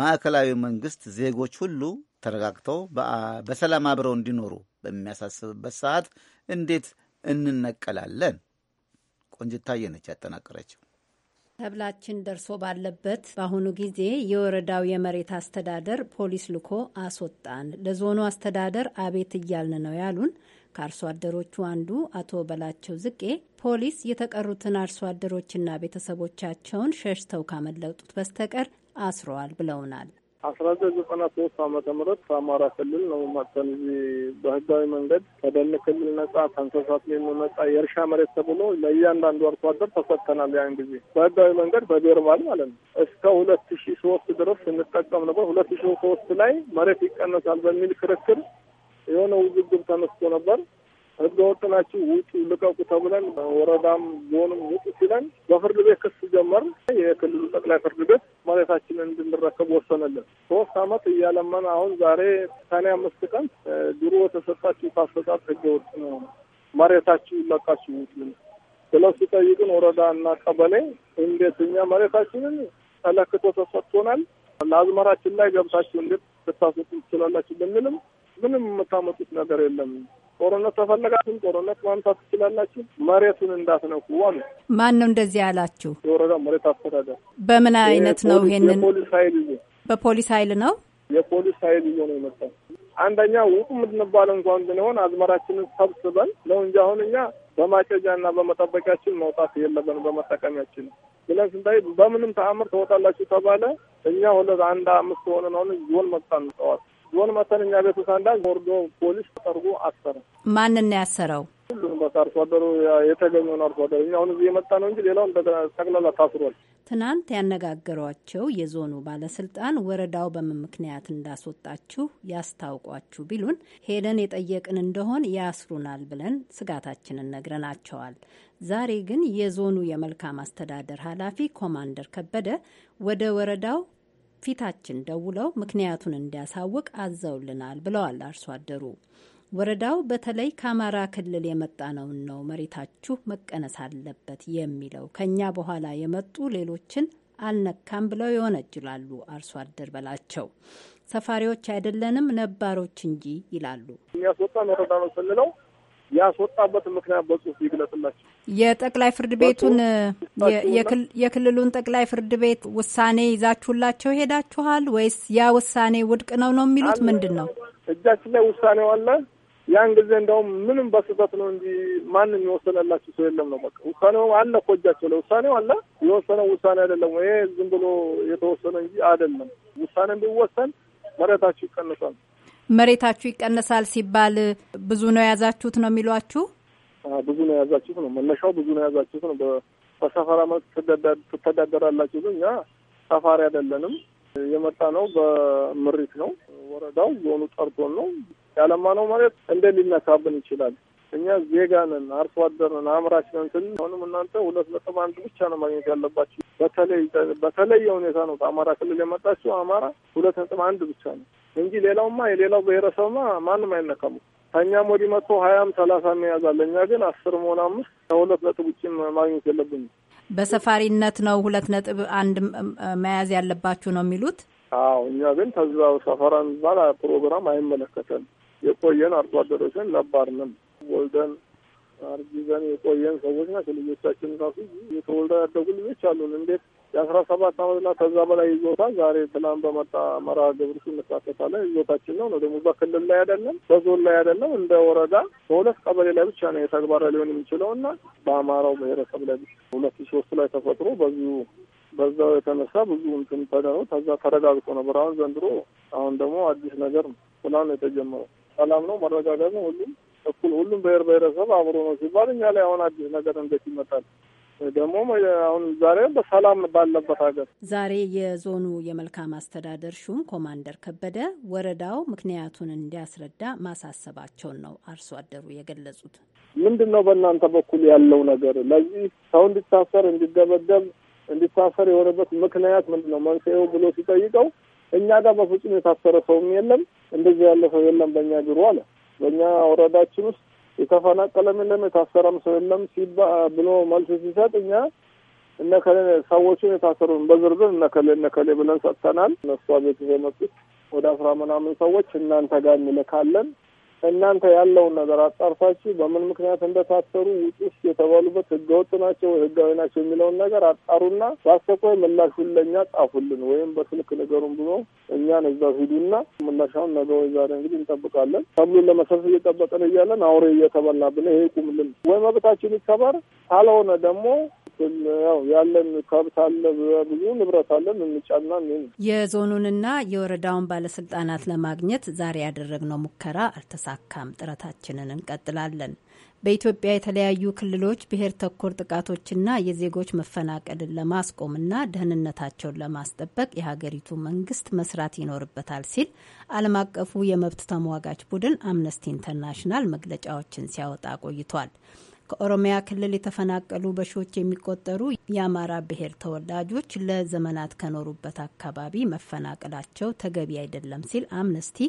ማዕከላዊ መንግስት ዜጎች ሁሉ ተረጋግተው በሰላም አብረው እንዲኖሩ በሚያሳስብበት ሰዓት እንዴት እንነቀላለን? ቆንጅታዬ ነች ያጠናቀረችው። ተብላችን ደርሶ ባለበት በአሁኑ ጊዜ የወረዳው የመሬት አስተዳደር ፖሊስ ልኮ አስወጣን። ለዞኑ አስተዳደር አቤት እያልን ነው ያሉን ከአርሶ አደሮቹ አንዱ አቶ በላቸው ዝቄ ፖሊስ የተቀሩትን አርሶ አደሮችና ቤተሰቦቻቸውን ሸሽተው ካመለጡት በስተቀር አስረዋል ብለውናል። አስራ ዘጠኝ ዘጠና ሶስት አመተ ምህረት ከአማራ ክልል ነው መጠን እዚህ በህጋዊ መንገድ ከደን ክልል ነጻ ተንሰሳትሌ የሚመጣ የእርሻ መሬት ተብሎ ለእያንዳንዱ አርሶ አደር ተሰጥተናል። ያን ጊዜ በህጋዊ መንገድ በቤርባል ማለት ነው። እስከ ሁለት ሺ ሶስት ድረስ ስንጠቀም ነበር። ሁለት ሺ ሶስት ላይ መሬት ይቀነሳል በሚል ክርክር የሆነ ውዝግብ ተነስቶ ነበር። ህገ ወጥ ናችሁ ውጡ፣ ልቀቁ ተብለን ወረዳም ዞንም ውጡ ሲለን በፍርድ ቤት ክስ ጀመር። የክልሉ ጠቅላይ ፍርድ ቤት መሬታችንን እንድንረከብ ወሰነልን። ሶስት አመት እያለመን አሁን ዛሬ ሰኔ አምስት ቀን ድሮ የተሰጣችሁ ካሰጣጥ ህገ ወጥ ነው መሬታችሁ ይለቃችሁ ውጡ ብለው ሲጠይቅን ወረዳ እና ቀበሌ እንዴት እኛ መሬታችንን ተለክቶ ተሰጥቶናል ለአዝመራችን ላይ ገብታችሁ እንዴት ልታስወጡ ትችላላችሁ ብንልም ምንም የምታመጡት ነገር የለም ጦርነት ተፈለጋችሁም ጦርነት ማምታት ትችላላችሁ፣ መሬቱን እንዳትነኩ አሉ። ማን ነው እንደዚህ ያላችሁ? የወረዳ መሬት አስተዳደር። በምን አይነት ነው ይሄንን? የፖሊስ ኃይል በፖሊስ ኃይል ነው የፖሊስ ኃይል እየሆነ ነው የመጣው። አንደኛ ውጡ የምንባል እንኳን ብንሆን አዝመራችንን ሰብስበን ነው እንጂ አሁን እኛ በማጨጃ እና በመጠበቂያችን መውጣት የለብን በመጠቀሚያችን ብለን ስንታይ በምንም ተአምር ተወጣላችሁ ተባለ። እኛ ሁለት አንድ አምስት ሆነን አሁን ዞን መጣን ጠዋት ዞን መተንኛ ቤቱ ቤት ውስጥ ወርዶ ፖሊስ ተጠርጎ አሰረ። ማንን ያሰረው? ሁሉንም በቃ አርሶ አደሩ የተገኘውን አርሶ አደሩ። እኛ አሁን እዚህ የመጣ ነው እንጂ ሌላውን ጠቅላላ ታስሯል። ትናንት ያነጋገሯቸው የዞኑ ባለስልጣን ወረዳው በምን ምክንያት እንዳስወጣችሁ ያስታውቋችሁ ቢሉን ሄደን የጠየቅን እንደሆን ያስሩናል ብለን ስጋታችንን ነግረናቸዋል። ዛሬ ግን የዞኑ የመልካም አስተዳደር ኃላፊ ኮማንደር ከበደ ወደ ወረዳው ፊታችን ደውለው ምክንያቱን እንዲያሳውቅ አዘውልናል ብለዋል አርሶ አደሩ። ወረዳው በተለይ ከአማራ ክልል የመጣ ነውን ነው መሬታችሁ መቀነስ አለበት የሚለው ከኛ በኋላ የመጡ ሌሎችን አልነካም ብለው ይወነጅላሉ። አርሶ አደር በላቸው ሰፋሪዎች አይደለንም ነባሮች እንጂ ይላሉ። የሚያስወጣ ወረዳ ነው ስንለው ያስወጣበት ምክንያት በጽሁፍ ይግለጽላቸው። የጠቅላይ ፍርድ ቤቱን የክልሉን ጠቅላይ ፍርድ ቤት ውሳኔ ይዛችሁላቸው ሄዳችኋል ወይስ ያ ውሳኔ ውድቅ ነው ነው የሚሉት? ምንድን ነው እጃችን ላይ ውሳኔው አለ። ያን ጊዜ እንደውም ምንም በስህተት ነው እንጂ ማንም የወሰነላችሁ ሰው የለም ነው በቃ። ውሳኔው አለ እኮ እጃቸው ላይ ውሳኔው አለ። የወሰነው ውሳኔ አይደለም ይሄ ዝም ብሎ የተወሰነ እንጂ አይደለም። ውሳኔ ቢወሰን መሬታችሁ ይቀንሳል። መሬታችሁ ይቀነሳል ሲባል ብዙ ነው የያዛችሁት ነው የሚሏችሁ? ብዙ ነው የያዛችሁት ነው መነሻው፣ ብዙ ነው የያዛችሁት ነው። በሰፈራ መልክ ትተዳደራላችሁ። ግን እኛ ሰፋሪ አይደለንም። የመጣ ነው በምሪት ነው። ወረዳው ዞኑ ጠርቶን ነው ያለማ ነው ማለት እንደ ሊነሳብን ይችላል። እኛ ዜጋ ነን፣ አርሶ አደር ነን፣ አምራች ነን ስል አሁንም እናንተ ሁለት ነጥብ አንድ ብቻ ነው ማግኘት ያለባችሁ። በተለይ በተለየ ሁኔታ ነው ከአማራ ክልል የመጣችው። አማራ ሁለት ነጥብ አንድ ብቻ ነው እንጂ ሌላውማ የሌላው ብሔረሰብማ ማንም አይነካም። ከእኛም ወዲህ መቶ ሀያም ሰላሳ የያዛለ እኛ ግን አስር መሆን አምስት ከሁለት ነጥብ ውጭም ማግኘት የለብኝ። በሰፋሪነት ነው ሁለት ነጥብ አንድ መያዝ ያለባችሁ ነው የሚሉት። አዎ እኛ ግን ከዛ ሰፈራ የሚባል ፕሮግራም አይመለከተን። የቆየን አርሶ አደሮችን ነባርንም ወልደን አርጊዘን የቆየን ሰዎች ናቸው። ልጆቻችን ራሱ የተወልደ ያደጉ ልጆች አሉን። እንዴት የአስራ ሰባት አመትና ከዛ በላይ ይዞታ ዛሬ ትናንት በመጣ መርሃ ግብር ውስጥ እንሳተፋለን። ይዞታችን ነው ነው ደግሞ በክልል ላይ አይደለም፣ በዞን ላይ አይደለም። እንደ ወረዳ በሁለት ቀበሌ ላይ ብቻ ነው የተግባራ ሊሆን የሚችለው እና በአማራው ብሔረሰብ ላይ ብቻ ሁለት ሶስት ላይ ተፈጥሮ በዚሁ በዛው የተነሳ ብዙ እንትን ተደረው ከዛ ተረጋግጦ ነበር። አሁን ዘንድሮ አሁን ደግሞ አዲስ ነገር ነው ሰላም ነው የተጀመረው። ሰላም ነው መረጋጋት ነው። ሁሉም እኩል ሁሉም ብሔር ብሔረሰብ አብሮ ነው ሲባል እኛ ላይ አሁን አዲስ ነገር እንዴት ይመጣል? ደግሞ አሁን ዛሬ በሰላም ባለበት ሀገር ዛሬ የዞኑ የመልካም አስተዳደር ሹም ኮማንደር ከበደ ወረዳው ምክንያቱን እንዲያስረዳ ማሳሰባቸውን ነው አርሶ አደሩ የገለጹት። ምንድን ነው በእናንተ በኩል ያለው ነገር? ለዚህ ሰው እንዲታሰር፣ እንዲደበደብ፣ እንዲታሰር የሆነበት ምክንያት ምንድን ነው መንስኤው ብሎ ሲጠይቀው እኛ ጋር በፍጹም የታሰረ ሰውም የለም እንደዚህ ያለ ሰው የለም በእኛ ቢሮ አለ። በእኛ ወረዳችን ውስጥ የተፈናቀለም የለም የታሰረም ሰው የለም ሲባ ብሎ መልስ ሲሰጥ እኛ እነከሌ ሰዎቹን የታሰሩ በዝርዝር እነከሌ እነከሌ ብለን ሰጥተናል። እነሷ ቤት የመጡት ወደ አስራ ምናምን ሰዎች እናንተ ጋር እንልካለን እናንተ ያለውን ነገር አጣርታችሁ በምን ምክንያት እንደታሰሩ ውጭ ውስጥ የተባሉበት ህገወጥ ናቸው ወይ ህጋዊ ናቸው የሚለውን ነገር አጣሩና በአስቸኳይ ምላሹን ለእኛ ጻፉልን ወይም በስልክ ንገሩን ብሎ እኛን እዛ ሂዱና ምላሻውን ነገ ወይ ዛሬ እንግዲህ እንጠብቃለን። ሰብሉን ለመሰብሰብ እየጠበቅን እያለን አውሬ እየተበላብን ይሄ ይቁምልን ወይ መብታችን ይከበር ካልሆነ ደግሞ በኩል ያው ያለን ከብት አለ፣ ብዙ ንብረት አለን እንጫና የዞኑንና የወረዳውን ባለስልጣናት ለማግኘት ዛሬ ያደረግነው ሙከራ አልተሳካም። ጥረታችንን እንቀጥላለን። በኢትዮጵያ የተለያዩ ክልሎች ብሔር ተኮር ጥቃቶችና የዜጎች መፈናቀልን ለማስቆምና ደህንነታቸውን ለማስጠበቅ የሀገሪቱ መንግስት መስራት ይኖርበታል ሲል ዓለም አቀፉ የመብት ተሟጋች ቡድን አምነስቲ ኢንተርናሽናል መግለጫዎችን ሲያወጣ ቆይቷል። ከኦሮሚያ ክልል የተፈናቀሉ በሺዎች የሚቆጠሩ የአማራ ብሔር ተወላጆች ለዘመናት ከኖሩበት አካባቢ መፈናቀላቸው ተገቢ አይደለም ሲል አምነስቲ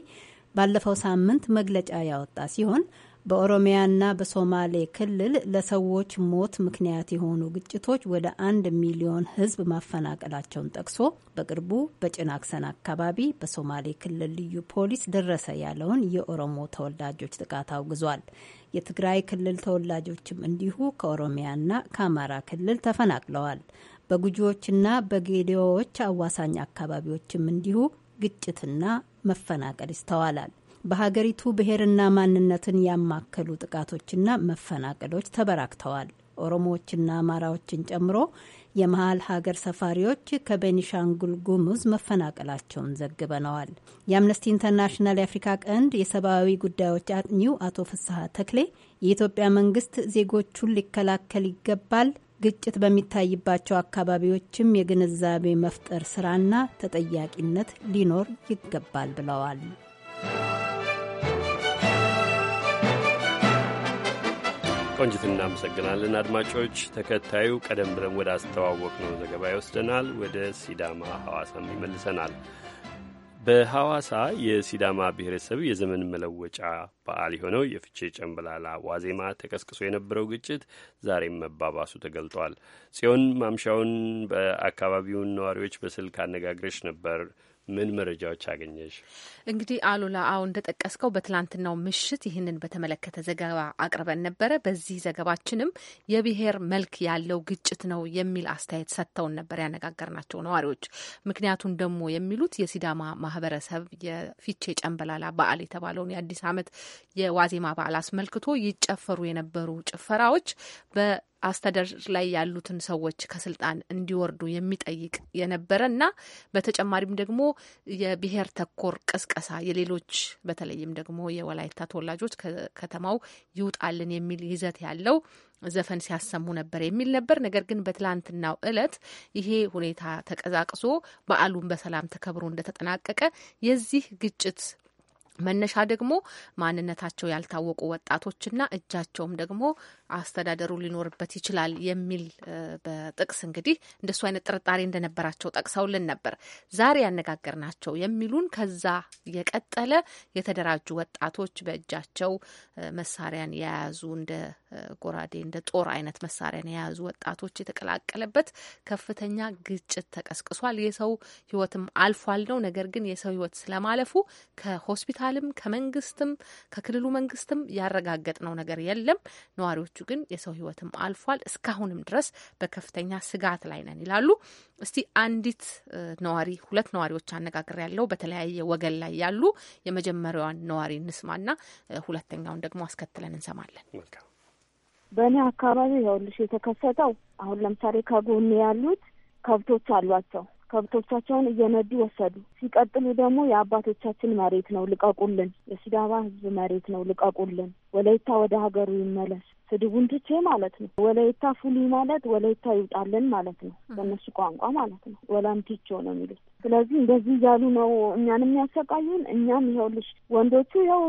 ባለፈው ሳምንት መግለጫ ያወጣ ሲሆን በኦሮሚያና በሶማሌ ክልል ለሰዎች ሞት ምክንያት የሆኑ ግጭቶች ወደ አንድ ሚሊዮን ሕዝብ ማፈናቀላቸውን ጠቅሶ በቅርቡ በጭናክሰን አካባቢ በሶማሌ ክልል ልዩ ፖሊስ ደረሰ ያለውን የኦሮሞ ተወላጆች ጥቃት አውግዟል። የትግራይ ክልል ተወላጆችም እንዲሁ ከኦሮሚያና ከአማራ ክልል ተፈናቅለዋል። በጉጂዎችና በጌዲዎች አዋሳኝ አካባቢዎችም እንዲሁ ግጭትና መፈናቀል ይስተዋላል። በሀገሪቱ ብሔርና ማንነትን ያማከሉ ጥቃቶችና መፈናቀሎች ተበራክተዋል። ኦሮሞዎችና አማራዎችን ጨምሮ የመሀል ሀገር ሰፋሪዎች ከቤኒሻንጉል ጉሙዝ መፈናቀላቸውን ዘግበነዋል። የአምነስቲ ኢንተርናሽናል የአፍሪካ ቀንድ የሰብአዊ ጉዳዮች አጥኚው አቶ ፍስሀ ተክሌ የኢትዮጵያ መንግስት ዜጎቹን ሊከላከል ይገባል፣ ግጭት በሚታይባቸው አካባቢዎችም የግንዛቤ መፍጠር ስራና ተጠያቂነት ሊኖር ይገባል ብለዋል። ቆንጅት፣ እናመሰግናለን። አድማጮች፣ ተከታዩ ቀደም ብለን ወደ አስተዋወቅ ነው ዘገባ ይወስደናል። ወደ ሲዳማ ሐዋሳም ይመልሰናል። በሐዋሳ የሲዳማ ብሔረሰብ የዘመን መለወጫ በዓል የሆነው የፍቼ ጨንበላላ ዋዜማ ተቀስቅሶ የነበረው ግጭት ዛሬም መባባሱ ተገልጧል። ጽዮን ማምሻውን በአካባቢውን ነዋሪዎች በስልክ አነጋግረሽ ነበር። ምን መረጃዎች አገኘሽ? እንግዲህ አሉላ፣ አዎ እንደጠቀስከው በትላንትናው ምሽት ይህንን በተመለከተ ዘገባ አቅርበን ነበረ። በዚህ ዘገባችንም የብሔር መልክ ያለው ግጭት ነው የሚል አስተያየት ሰጥተውን ነበር ያነጋገርናቸው ነዋሪዎች። ምክንያቱን ደግሞ የሚሉት የሲዳማ ማህበረሰብ የፊቼ ጨንበላላ በዓል የተባለውን የአዲስ ዓመት የዋዜማ በዓል አስመልክቶ ይጨፈሩ የነበሩ ጭፈራዎች በ አስተዳደር ላይ ያሉትን ሰዎች ከስልጣን እንዲወርዱ የሚጠይቅ የነበረ እና በተጨማሪም ደግሞ የብሔር ተኮር ቅስቀሳ የሌሎች በተለይም ደግሞ የወላይታ ተወላጆች ከተማው ይውጣልን የሚል ይዘት ያለው ዘፈን ሲያሰሙ ነበር የሚል ነበር። ነገር ግን በትላንትናው እለት ይሄ ሁኔታ ተቀዛቅዞ በዓሉን በሰላም ተከብሮ እንደተጠናቀቀ የዚህ ግጭት መነሻ ደግሞ ማንነታቸው ያልታወቁ ወጣቶችና እጃቸውም ደግሞ አስተዳደሩ ሊኖርበት ይችላል የሚል በጥቅስ እንግዲህ እንደሱ አይነት ጥርጣሬ እንደነበራቸው ጠቅሰውልን ነበር። ዛሬ ያነጋገር ናቸው የሚሉን ከዛ የቀጠለ የተደራጁ ወጣቶች በእጃቸው መሳሪያን የያዙ እንደ ጎራዴ እንደ ጦር አይነት መሳሪያን የያዙ ወጣቶች የተቀላቀለበት ከፍተኛ ግጭት ተቀስቅሷል። የሰው ህይወትም አልፏል ነው። ነገር ግን የሰው ህይወት ስለማለፉ ከሆስፒታልም ከመንግስትም ከክልሉ መንግስትም ያረጋገጥ ነው ነገር የለም። ነዋሪዎች ብዙዎቹ ግን የሰው ህይወትም አልፏል። እስካሁንም ድረስ በከፍተኛ ስጋት ላይ ነን ይላሉ። እስቲ አንዲት ነዋሪ ሁለት ነዋሪዎች አነጋግር ያለው በተለያየ ወገን ላይ ያሉ የመጀመሪያዋን ነዋሪ እንስማና ሁለተኛውን ደግሞ አስከትለን እንሰማለን። በእኔ አካባቢ ይኸውልሽ የተከሰተው አሁን ለምሳሌ ከጎን ያሉት ከብቶች አሏቸው ከብቶቻቸውን እየነዱ ወሰዱ። ሲቀጥሉ ደግሞ የአባቶቻችን መሬት ነው ልቀቁልን፣ የሲዳማ ህዝብ መሬት ነው ልቀቁልን፣ ወላይታ ወደ ሀገሩ ይመለስ ስድቡን ትቼ ማለት ነው። ወለይታ ፉሊ ማለት ወለይታ ይውጣልን ማለት ነው፣ በእነሱ ቋንቋ ማለት ነው። ወላምቲቾ ነው የሚሉት። ስለዚህ እንደዚህ እያሉ ነው እኛን የሚያሰቃዩን። እኛም ይኸውልሽ ወንዶቹ ያው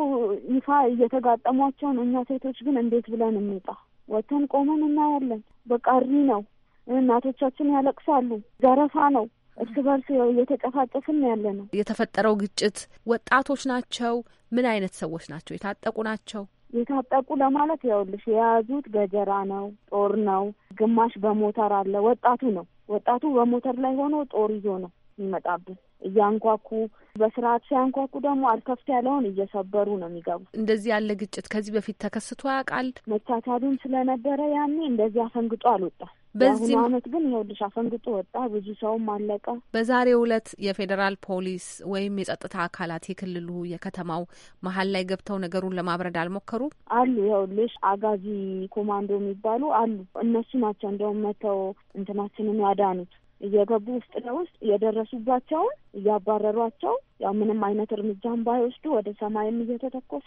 ይፋ እየተጋጠሟቸውን እኛ ሴቶች ግን እንዴት ብለን እንውጣ? ወተን ቆመን እናያለን። በቃሪ ነው። እናቶቻችን ያለቅሳሉ። ዘረፋ ነው። እርስ በርስ ያው እየተጨፋጨፍን ያለ ነው የተፈጠረው ግጭት። ወጣቶች ናቸው። ምን አይነት ሰዎች ናቸው? የታጠቁ ናቸው? የታጠቁ ለማለት ያውልሽ የያዙት ገጀራ ነው፣ ጦር ነው፣ ግማሽ በሞተር አለ። ወጣቱ ነው ወጣቱ በሞተር ላይ ሆኖ ጦር ይዞ ነው ይመጣብን እያንኳኩ በስርዓት ሲያንኳኩ ደግሞ አልከፍት ያለውን እየሰበሩ ነው የሚገቡት። እንደዚህ ያለ ግጭት ከዚህ በፊት ተከስቶ ያውቃል? መቻቻሉን ስለነበረ ያኔ እንደዚህ አፈንግጦ አልወጣም። በዚህ አመት ግን ይኸውልሽ አፈንግጦ ወጣ። ብዙ ሰውም አለቀ። በዛሬው እለት የፌዴራል ፖሊስ ወይም የጸጥታ አካላት የክልሉ የከተማው መሀል ላይ ገብተው ነገሩን ለማብረድ አልሞከሩ አሉ። ይኸውልሽ አጋዚ ኮማንዶ የሚባሉ አሉ። እነሱ ናቸው እንደውም መተው እንትናችንን ያዳኑት። እየገቡ ውስጥ ለውስጥ እየደረሱባቸውን እያባረሯቸው ያው ምንም አይነት እርምጃን ባይወስዱ ወደ ሰማይም እየተተኮሰ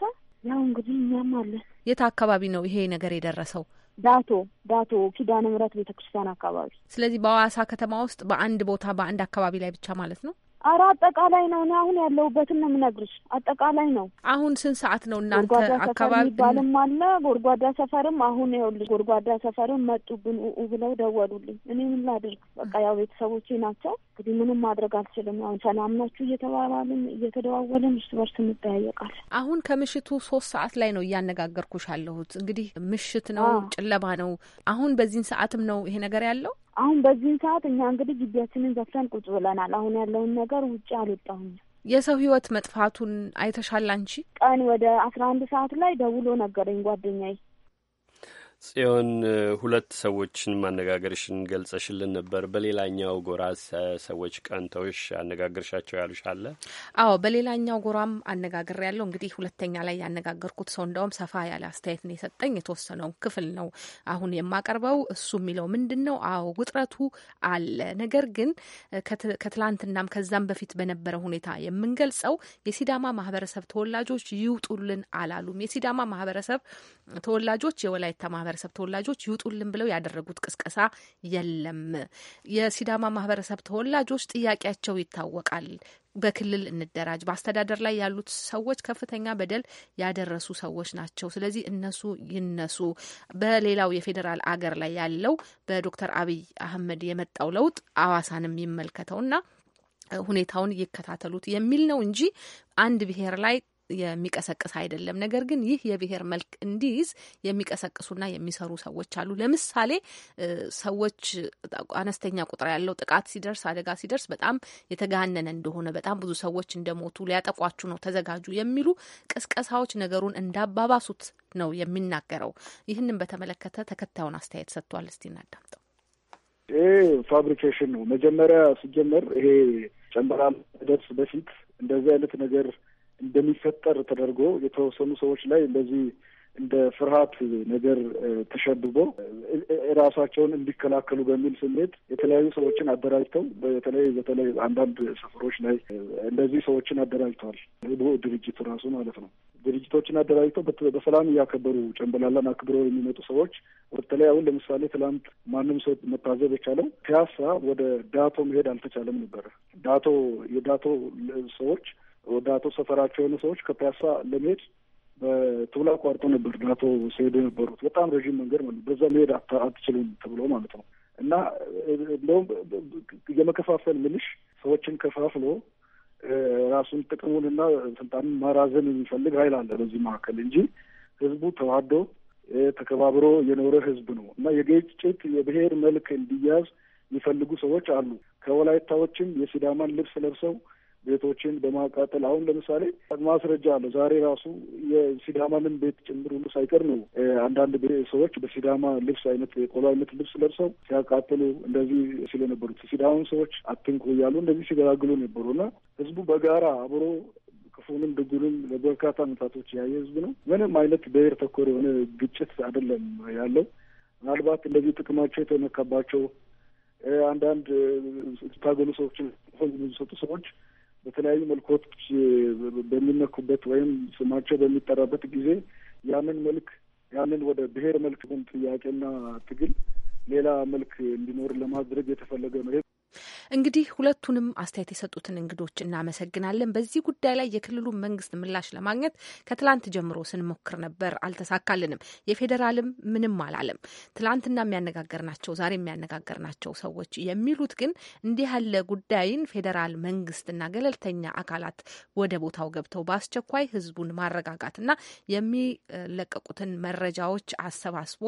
ያው እንግዲህ እኛም አለን። የት አካባቢ ነው ይሄ ነገር የደረሰው? ዳቶ ዳቶ ኪዳነ ምሕረት ቤተ ክርስቲያን አካባቢ። ስለዚህ በሀዋሳ ከተማ ውስጥ በአንድ ቦታ በአንድ አካባቢ ላይ ብቻ ማለት ነው። አረ አጠቃላይ ነው። እኔ አሁን ያለሁበትን ነው የምነግርሽ። አጠቃላይ ነው። አሁን ስንት ሰዓት ነው እናንተ አካባቢ? የሚባልም አለ ጎድጓዳ ሰፈርም። አሁን ይኸውልሽ ጎድጓዳ ሰፈርም መጡብን ኡኡ ብለው ደወሉልኝ። እኔ ምን ላድርግ? በቃ ያው ቤተሰቦቼ ናቸው እንግዲህ ምንም ማድረግ አልችልም። አሁን ሰላም ናችሁ እየተባባልን እየተደዋወልን እርስ በርስ እንጠያየቃለን። አሁን ከምሽቱ ሶስት ሰዓት ላይ ነው እያነጋገርኩሽ አለሁት። እንግዲህ ምሽት ነው፣ ጨለማ ነው። አሁን በዚህን ሰዓትም ነው ይሄ ነገር ያለው አሁን በዚህን ሰዓት እኛ እንግዲህ ግቢያችንን ዘፍተን ቁጭ ብለናል። አሁን ያለውን ነገር ውጭ አልወጣሁኝ። የሰው ህይወት መጥፋቱን አይተሻል አንቺ? ቀን ወደ አስራ አንድ ሰዓት ላይ ደውሎ ነገረኝ ጓደኛዬ ጽዮን ሁለት ሰዎችን ማነጋገርሽን ገልጸሽልን ነበር። በሌላኛው ጎራ ሰዎች ቀንተውሽ አነጋግርሻቸው ያሉሽ አለ? አዎ፣ በሌላኛው ጎራም አነጋግር ያለው እንግዲህ ሁለተኛ ላይ ያነጋገርኩት ሰው እንደውም ሰፋ ያለ አስተያየት ነው የሰጠኝ። የተወሰነው ክፍል ነው አሁን የማቀርበው። እሱ የሚለው ምንድን ነው? አዎ ውጥረቱ አለ። ነገር ግን ከትላንትናም ከዛም በፊት በነበረ ሁኔታ የምንገልጸው የሲዳማ ማህበረሰብ ተወላጆች ይውጡልን አላሉም። የሲዳማ ማህበረሰብ ተወላጆች የወላይታ ማህበረሰብ ማህበረሰብ ተወላጆች ይውጡልን ብለው ያደረጉት ቅስቀሳ የለም። የሲዳማ ማህበረሰብ ተወላጆች ጥያቄያቸው ይታወቃል። በክልል እንደራጅ። በአስተዳደር ላይ ያሉት ሰዎች ከፍተኛ በደል ያደረሱ ሰዎች ናቸው። ስለዚህ እነሱ ይነሱ። በሌላው የፌዴራል አገር ላይ ያለው በዶክተር አብይ አህመድ የመጣው ለውጥ አዋሳንም ይመልከተውና ሁኔታውን ይከታተሉት የሚል ነው እንጂ አንድ ብሔር ላይ የሚቀሰቅስ አይደለም። ነገር ግን ይህ የብሔር መልክ እንዲይዝ የሚቀሰቅሱና የሚሰሩ ሰዎች አሉ። ለምሳሌ ሰዎች አነስተኛ ቁጥር ያለው ጥቃት ሲደርስ፣ አደጋ ሲደርስ በጣም የተጋነነ እንደሆነ፣ በጣም ብዙ ሰዎች እንደሞቱ፣ ሊያጠቋችሁ ነው ተዘጋጁ የሚሉ ቅስቀሳዎች ነገሩን እንዳባባሱት ነው የሚናገረው። ይህንን በተመለከተ ተከታዩን አስተያየት ሰጥቷል። እስቲ እናዳምጠው። ይሄ ፋብሪኬሽን ነው። መጀመሪያ ሲጀመር ይሄ ጨንበራ ደርስ በፊት እንደዚህ አይነት ነገር እንደሚፈጠር ተደርጎ የተወሰኑ ሰዎች ላይ እንደዚህ እንደ ፍርሃት ነገር ተሸብቦ ራሳቸውን እንዲከላከሉ በሚል ስሜት የተለያዩ ሰዎችን አደራጅተው በተለይ በተለይ አንዳንድ ሰፈሮች ላይ እንደዚህ ሰዎችን አደራጅተዋል። ድርጅቱ ራሱ ማለት ነው። ድርጅቶችን አደራጅተው በሰላም እያከበሩ ጨንበላላን አክብረው የሚመጡ ሰዎች በተለይ አሁን ለምሳሌ ትላንት ማንም ሰው መታዘብ የቻለው ፒያሳ ወደ ዳቶ መሄድ አልተቻለም ነበረ። ዳቶ የዳቶ ሰዎች ወደ አቶ ሰፈራቸው የሆኑ ሰዎች ከፒያሳ ለመሄድ በቱብላ አቋርጦ ነበር አቶ ሲሄዱ የነበሩት በጣም ረዥም መንገድ ማለት በዛ መሄድ አትችልም ተብሎ ማለት ነው። እና እንደውም የመከፋፈል ምልሽ ሰዎችን ከፋፍሎ ራሱን ጥቅሙንና ስልጣንን ማራዘም የሚፈልግ ኃይል አለ በዚህ መካከል እንጂ ህዝቡ ተዋዶ ተከባብሮ የኖረ ህዝብ ነው እና የግጭት የብሔር መልክ እንዲያዝ የሚፈልጉ ሰዎች አሉ። ከወላይታዎችም የሲዳማን ልብስ ለብሰው ቤቶችን በማቃጠል አሁን ለምሳሌ ማስረጃ አለ። ዛሬ ራሱ የሲዳማንም ቤት ጭምር ሁሉ ሳይቀር ነው አንዳንድ ሰዎች በሲዳማ ልብስ አይነት የቆሎ አይነት ልብስ ለብሰው ሲያቃጥሉ እንደዚህ ሲሉ ነበሩት። ሲዳማን ሰዎች አትንኩ እያሉ እንደዚህ ሲገላግሉ ነበሩ እና ህዝቡ በጋራ አብሮ ክፉንም ደጉንም ለበርካታ ዓመታቶች ያየ ህዝብ ነው። ምንም አይነት ብሔር ተኮር የሆነ ግጭት አይደለም ያለው። ምናልባት እንደዚህ ጥቅማቸው የተነካባቸው አንዳንድ ታገሉ ሰዎችን የሚሰጡ ሰዎች በተለያዩ መልኮች በሚነኩበት ወይም ስማቸው በሚጠራበት ጊዜ ያንን መልክ ያንን ወደ ብሔር መልክ ጥያቄና ትግል ሌላ መልክ እንዲኖር ለማድረግ የተፈለገ ነው። እንግዲህ ሁለቱንም አስተያየት የሰጡትን እንግዶች እናመሰግናለን። በዚህ ጉዳይ ላይ የክልሉ መንግስት ምላሽ ለማግኘት ከትላንት ጀምሮ ስንሞክር ነበር፣ አልተሳካልንም። የፌዴራልም ምንም አላለም። ትላንትና የሚያነጋገር ናቸው፣ ዛሬ የሚያነጋገር ናቸው ሰዎች የሚሉት ግን እንዲህ ያለ ጉዳይን ፌዴራል መንግስትና ገለልተኛ አካላት ወደ ቦታው ገብተው በአስቸኳይ ህዝቡን ማረጋጋትና የሚለቀቁትን መረጃዎች አሰባስቦ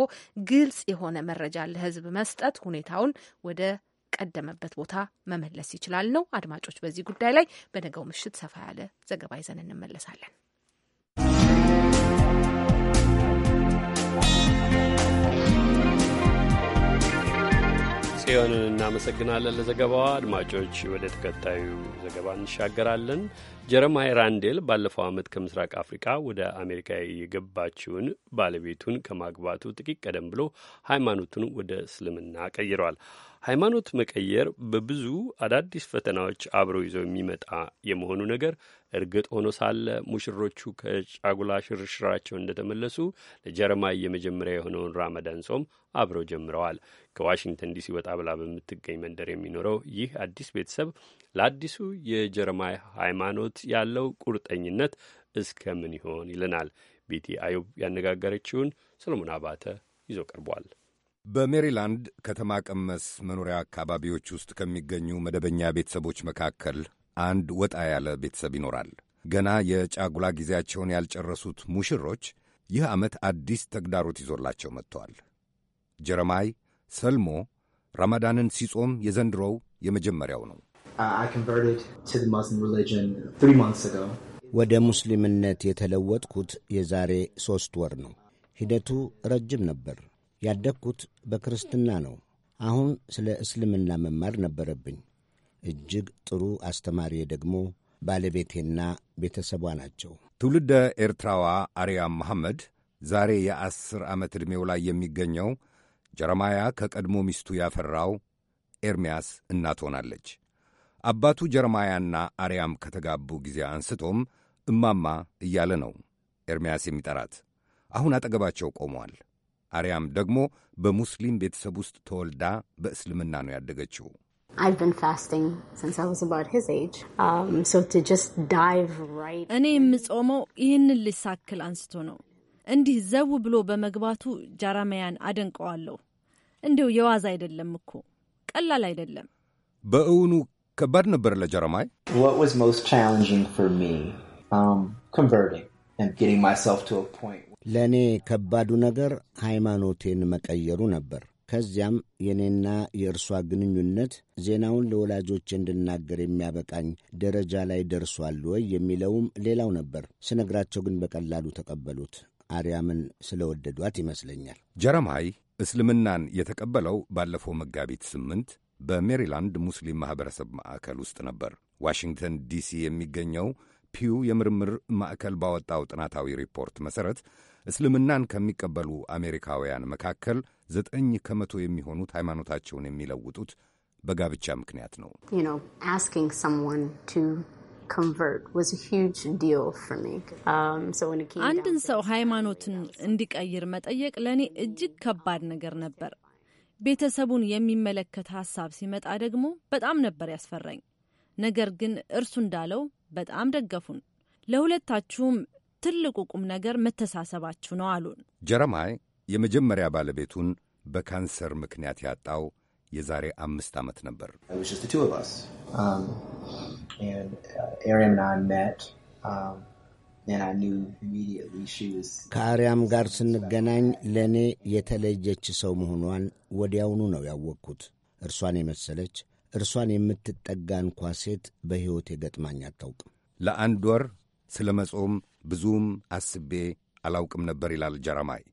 ግልጽ የሆነ መረጃ ለህዝብ መስጠት ሁኔታውን ወደ ቀደመበት ቦታ መመለስ ይችላል ነው። አድማጮች፣ በዚህ ጉዳይ ላይ በነገው ምሽት ሰፋ ያለ ዘገባ ይዘን እንመለሳለን። ጽዮንን እናመሰግናለን ለዘገባዋ። አድማጮች ወደ ተከታዩ ዘገባ እንሻገራለን። ጀረማይ ራንዴል ባለፈው ዓመት ከምስራቅ አፍሪካ ወደ አሜሪካ የገባችውን ባለቤቱን ከማግባቱ ጥቂት ቀደም ብሎ ሃይማኖቱን ወደ እስልምና ቀይሯል። ሃይማኖት መቀየር በብዙ አዳዲስ ፈተናዎች አብሮ ይዘው የሚመጣ የመሆኑ ነገር እርግጥ ሆኖ ሳለ ሙሽሮቹ ከጫጉላ ሽርሽራቸው እንደተመለሱ ለጀረማይ የመጀመሪያ የሆነውን ራመዳን ጾም አብረው ጀምረዋል። ከዋሽንግተን ዲሲ ወጣ ብላ በምትገኝ መንደር የሚኖረው ይህ አዲስ ቤተሰብ ለአዲሱ የጀረማይ ሃይማኖት ያለው ቁርጠኝነት እስከ ምን ይሆን ይለናል። ቤቲ አዩብ ያነጋገረችውን ሰሎሞን አባተ ይዞ ቀርቧል። በሜሪላንድ ከተማ ቀመስ መኖሪያ አካባቢዎች ውስጥ ከሚገኙ መደበኛ ቤተሰቦች መካከል አንድ ወጣ ያለ ቤተሰብ ይኖራል። ገና የጫጉላ ጊዜያቸውን ያልጨረሱት ሙሽሮች ይህ ዓመት አዲስ ተግዳሮት ይዞላቸው መጥተዋል። ጀረማይ ሰልሞ ረማዳንን ሲጾም የዘንድሮው የመጀመሪያው ነው። uh, ወደ ሙስሊምነት የተለወጥኩት የዛሬ ሦስት ወር ነው። ሂደቱ ረጅም ነበር። ያደግኩት በክርስትና ነው። አሁን ስለ እስልምና መማር ነበረብኝ። እጅግ ጥሩ አስተማሪ ደግሞ ባለቤቴና ቤተሰቧ ናቸው። ትውልደ ኤርትራዋ አርያም መሐመድ ዛሬ የአስር ዓመት ዕድሜው ላይ የሚገኘው ጀረማያ ከቀድሞ ሚስቱ ያፈራው ኤርምያስ እናት ሆናለች። አባቱ ጀረማያና አርያም ከተጋቡ ጊዜ አንስቶም እማማ እያለ ነው ኤርምያስ የሚጠራት። አሁን አጠገባቸው ቆመዋል። አርያም ደግሞ በሙስሊም ቤተሰብ ውስጥ ተወልዳ በእስልምና ነው ያደገችው። um, እኔ የምጾመው ይህንን ልጅ ሳክል አንስቶ ነው። እንዲህ ዘው ብሎ በመግባቱ ጃራማያን አደንቀዋለሁ። እንዲው የዋዛ አይደለም እኮ ቀላል አይደለም። በእውኑ ከባድ ነበር ለጀረማይ። ለእኔ ከባዱ ነገር ሃይማኖቴን መቀየሩ ነበር። ከዚያም የእኔና የእርሷ ግንኙነት ዜናውን ለወላጆች እንድናገር የሚያበቃኝ ደረጃ ላይ ደርሷል ወይ የሚለውም ሌላው ነበር። ስነግራቸው ግን በቀላሉ ተቀበሉት። አርያምን ስለወደዷት ይመስለኛል። ጀረማይ እስልምናን የተቀበለው ባለፈው መጋቢት ስምንት በሜሪላንድ ሙስሊም ማኅበረሰብ ማዕከል ውስጥ ነበር። ዋሽንግተን ዲሲ የሚገኘው ፒው የምርምር ማዕከል ባወጣው ጥናታዊ ሪፖርት መሠረት እስልምናን ከሚቀበሉ አሜሪካውያን መካከል ዘጠኝ ከመቶ የሚሆኑት ሃይማኖታቸውን የሚለውጡት በጋብቻ ምክንያት ነው። um, አንድን ሰው ሃይማኖትን እንዲቀይር መጠየቅ ለእኔ እጅግ ከባድ ነገር ነበር። ቤተሰቡን የሚመለከት ሀሳብ ሲመጣ ደግሞ በጣም ነበር ያስፈራኝ። ነገር ግን እርሱ እንዳለው በጣም ደገፉን። ለሁለታችሁም ትልቁ ቁም ነገር መተሳሰባችሁ ነው አሉን። ጀረማይ የመጀመሪያ ባለቤቱን በካንሰር ምክንያት ያጣው የዛሬ አምስት ዓመት ነበር። um, uh, um, ከአርያም ጋር ስንገናኝ ለእኔ የተለየች ሰው መሆኗን ወዲያውኑ ነው ያወቅኩት። እርሷን የመሰለች እርሷን የምትጠጋ እንኳ ሴት በሕይወት ገጥማኝ አታውቅም። ለአንድ ወር ስለ መጾም ብዙም አስቤ አላውቅም ነበር ይላል ጀራማይ።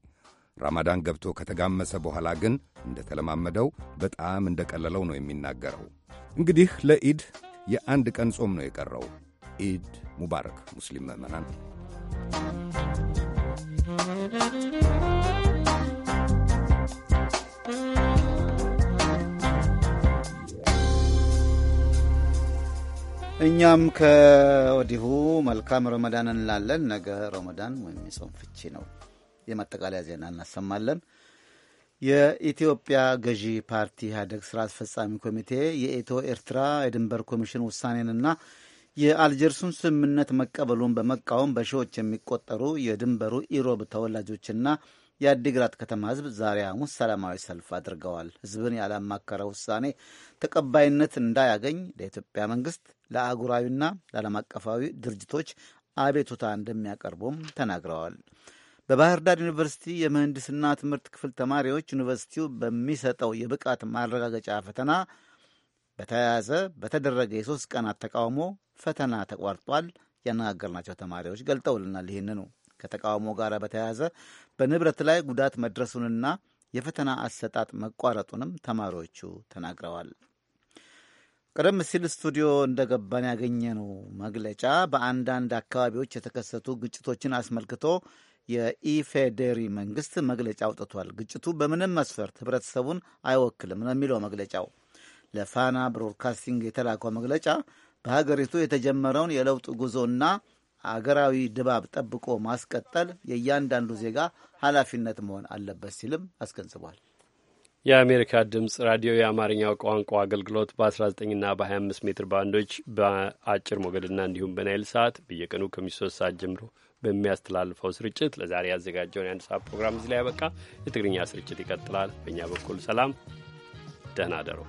ራማዳን ገብቶ ከተጋመሰ በኋላ ግን እንደተለማመደው በጣም እንደቀለለው ነው የሚናገረው። እንግዲህ ለኢድ የአንድ ቀን ጾም ነው የቀረው። ኢድ ሙባረክ ሙስሊም ምዕመናን። እኛም ከወዲሁ መልካም ረመዳን እንላለን። ነገ ረመዳን ወይም የጾም ፍቺ ነው። የማጠቃለያ ዜና እናሰማለን። የኢትዮጵያ ገዢ ፓርቲ ሀደግ ስራ አስፈጻሚ ኮሚቴ የኢትዮ ኤርትራ የድንበር ኮሚሽን ውሳኔንና የአልጀርሱን ስምምነት መቀበሉን በመቃወም በሺዎች የሚቆጠሩ የድንበሩ ኢሮብ ተወላጆችና የአዲግራት ከተማ ህዝብ ዛሬ ሐሙስ ሰላማዊ ሰልፍ አድርገዋል። ህዝብን ያላማከረ ውሳኔ ተቀባይነት እንዳያገኝ ለኢትዮጵያ መንግስት፣ ለአህጉራዊና ለዓለም አቀፋዊ ድርጅቶች አቤቱታ እንደሚያቀርቡም ተናግረዋል። በባህር ዳር ዩኒቨርሲቲ የምህንድስና ትምህርት ክፍል ተማሪዎች ዩኒቨርሲቲው በሚሰጠው የብቃት ማረጋገጫ ፈተና በተያያዘ በተደረገ የሶስት ቀናት ተቃውሞ ፈተና ተቋርጧል። ያነጋገርናቸው ተማሪዎች ገልጠውልናል። ይህንኑ ከተቃውሞ ጋር በተያያዘ በንብረት ላይ ጉዳት መድረሱንና የፈተና አሰጣጥ መቋረጡንም ተማሪዎቹ ተናግረዋል። ቀደም ሲል ስቱዲዮ እንደገባን ያገኘነው መግለጫ በአንዳንድ አካባቢዎች የተከሰቱ ግጭቶችን አስመልክቶ የኢፌዴሪ መንግስት መግለጫ አውጥቷል። ግጭቱ በምንም መስፈርት ህብረተሰቡን አይወክልም ነው የሚለው መግለጫው። ለፋና ብሮድካስቲንግ የተላከው መግለጫ በሀገሪቱ የተጀመረውን የለውጥ ጉዞና አገራዊ ድባብ ጠብቆ ማስቀጠል የእያንዳንዱ ዜጋ ኃላፊነት መሆን አለበት ሲልም አስገንዝቧል። የአሜሪካ ድምፅ ራዲዮ የአማርኛው ቋንቋ አገልግሎት በ19ና በ25 ሜትር ባንዶች በአጭር ሞገድና እንዲሁም በናይል ሰዓት በየቀኑ ከምሽቱ ሰዓት ጀምሮ በሚያስተላልፈው ስርጭት ለዛሬ ያዘጋጀውን የአንድ ሰዓት ፕሮግራም እዚህ ላይ ያበቃ። የትግርኛ ስርጭት ይቀጥላል። በእኛ በኩል ሰላም፣ ደህና አደሩ።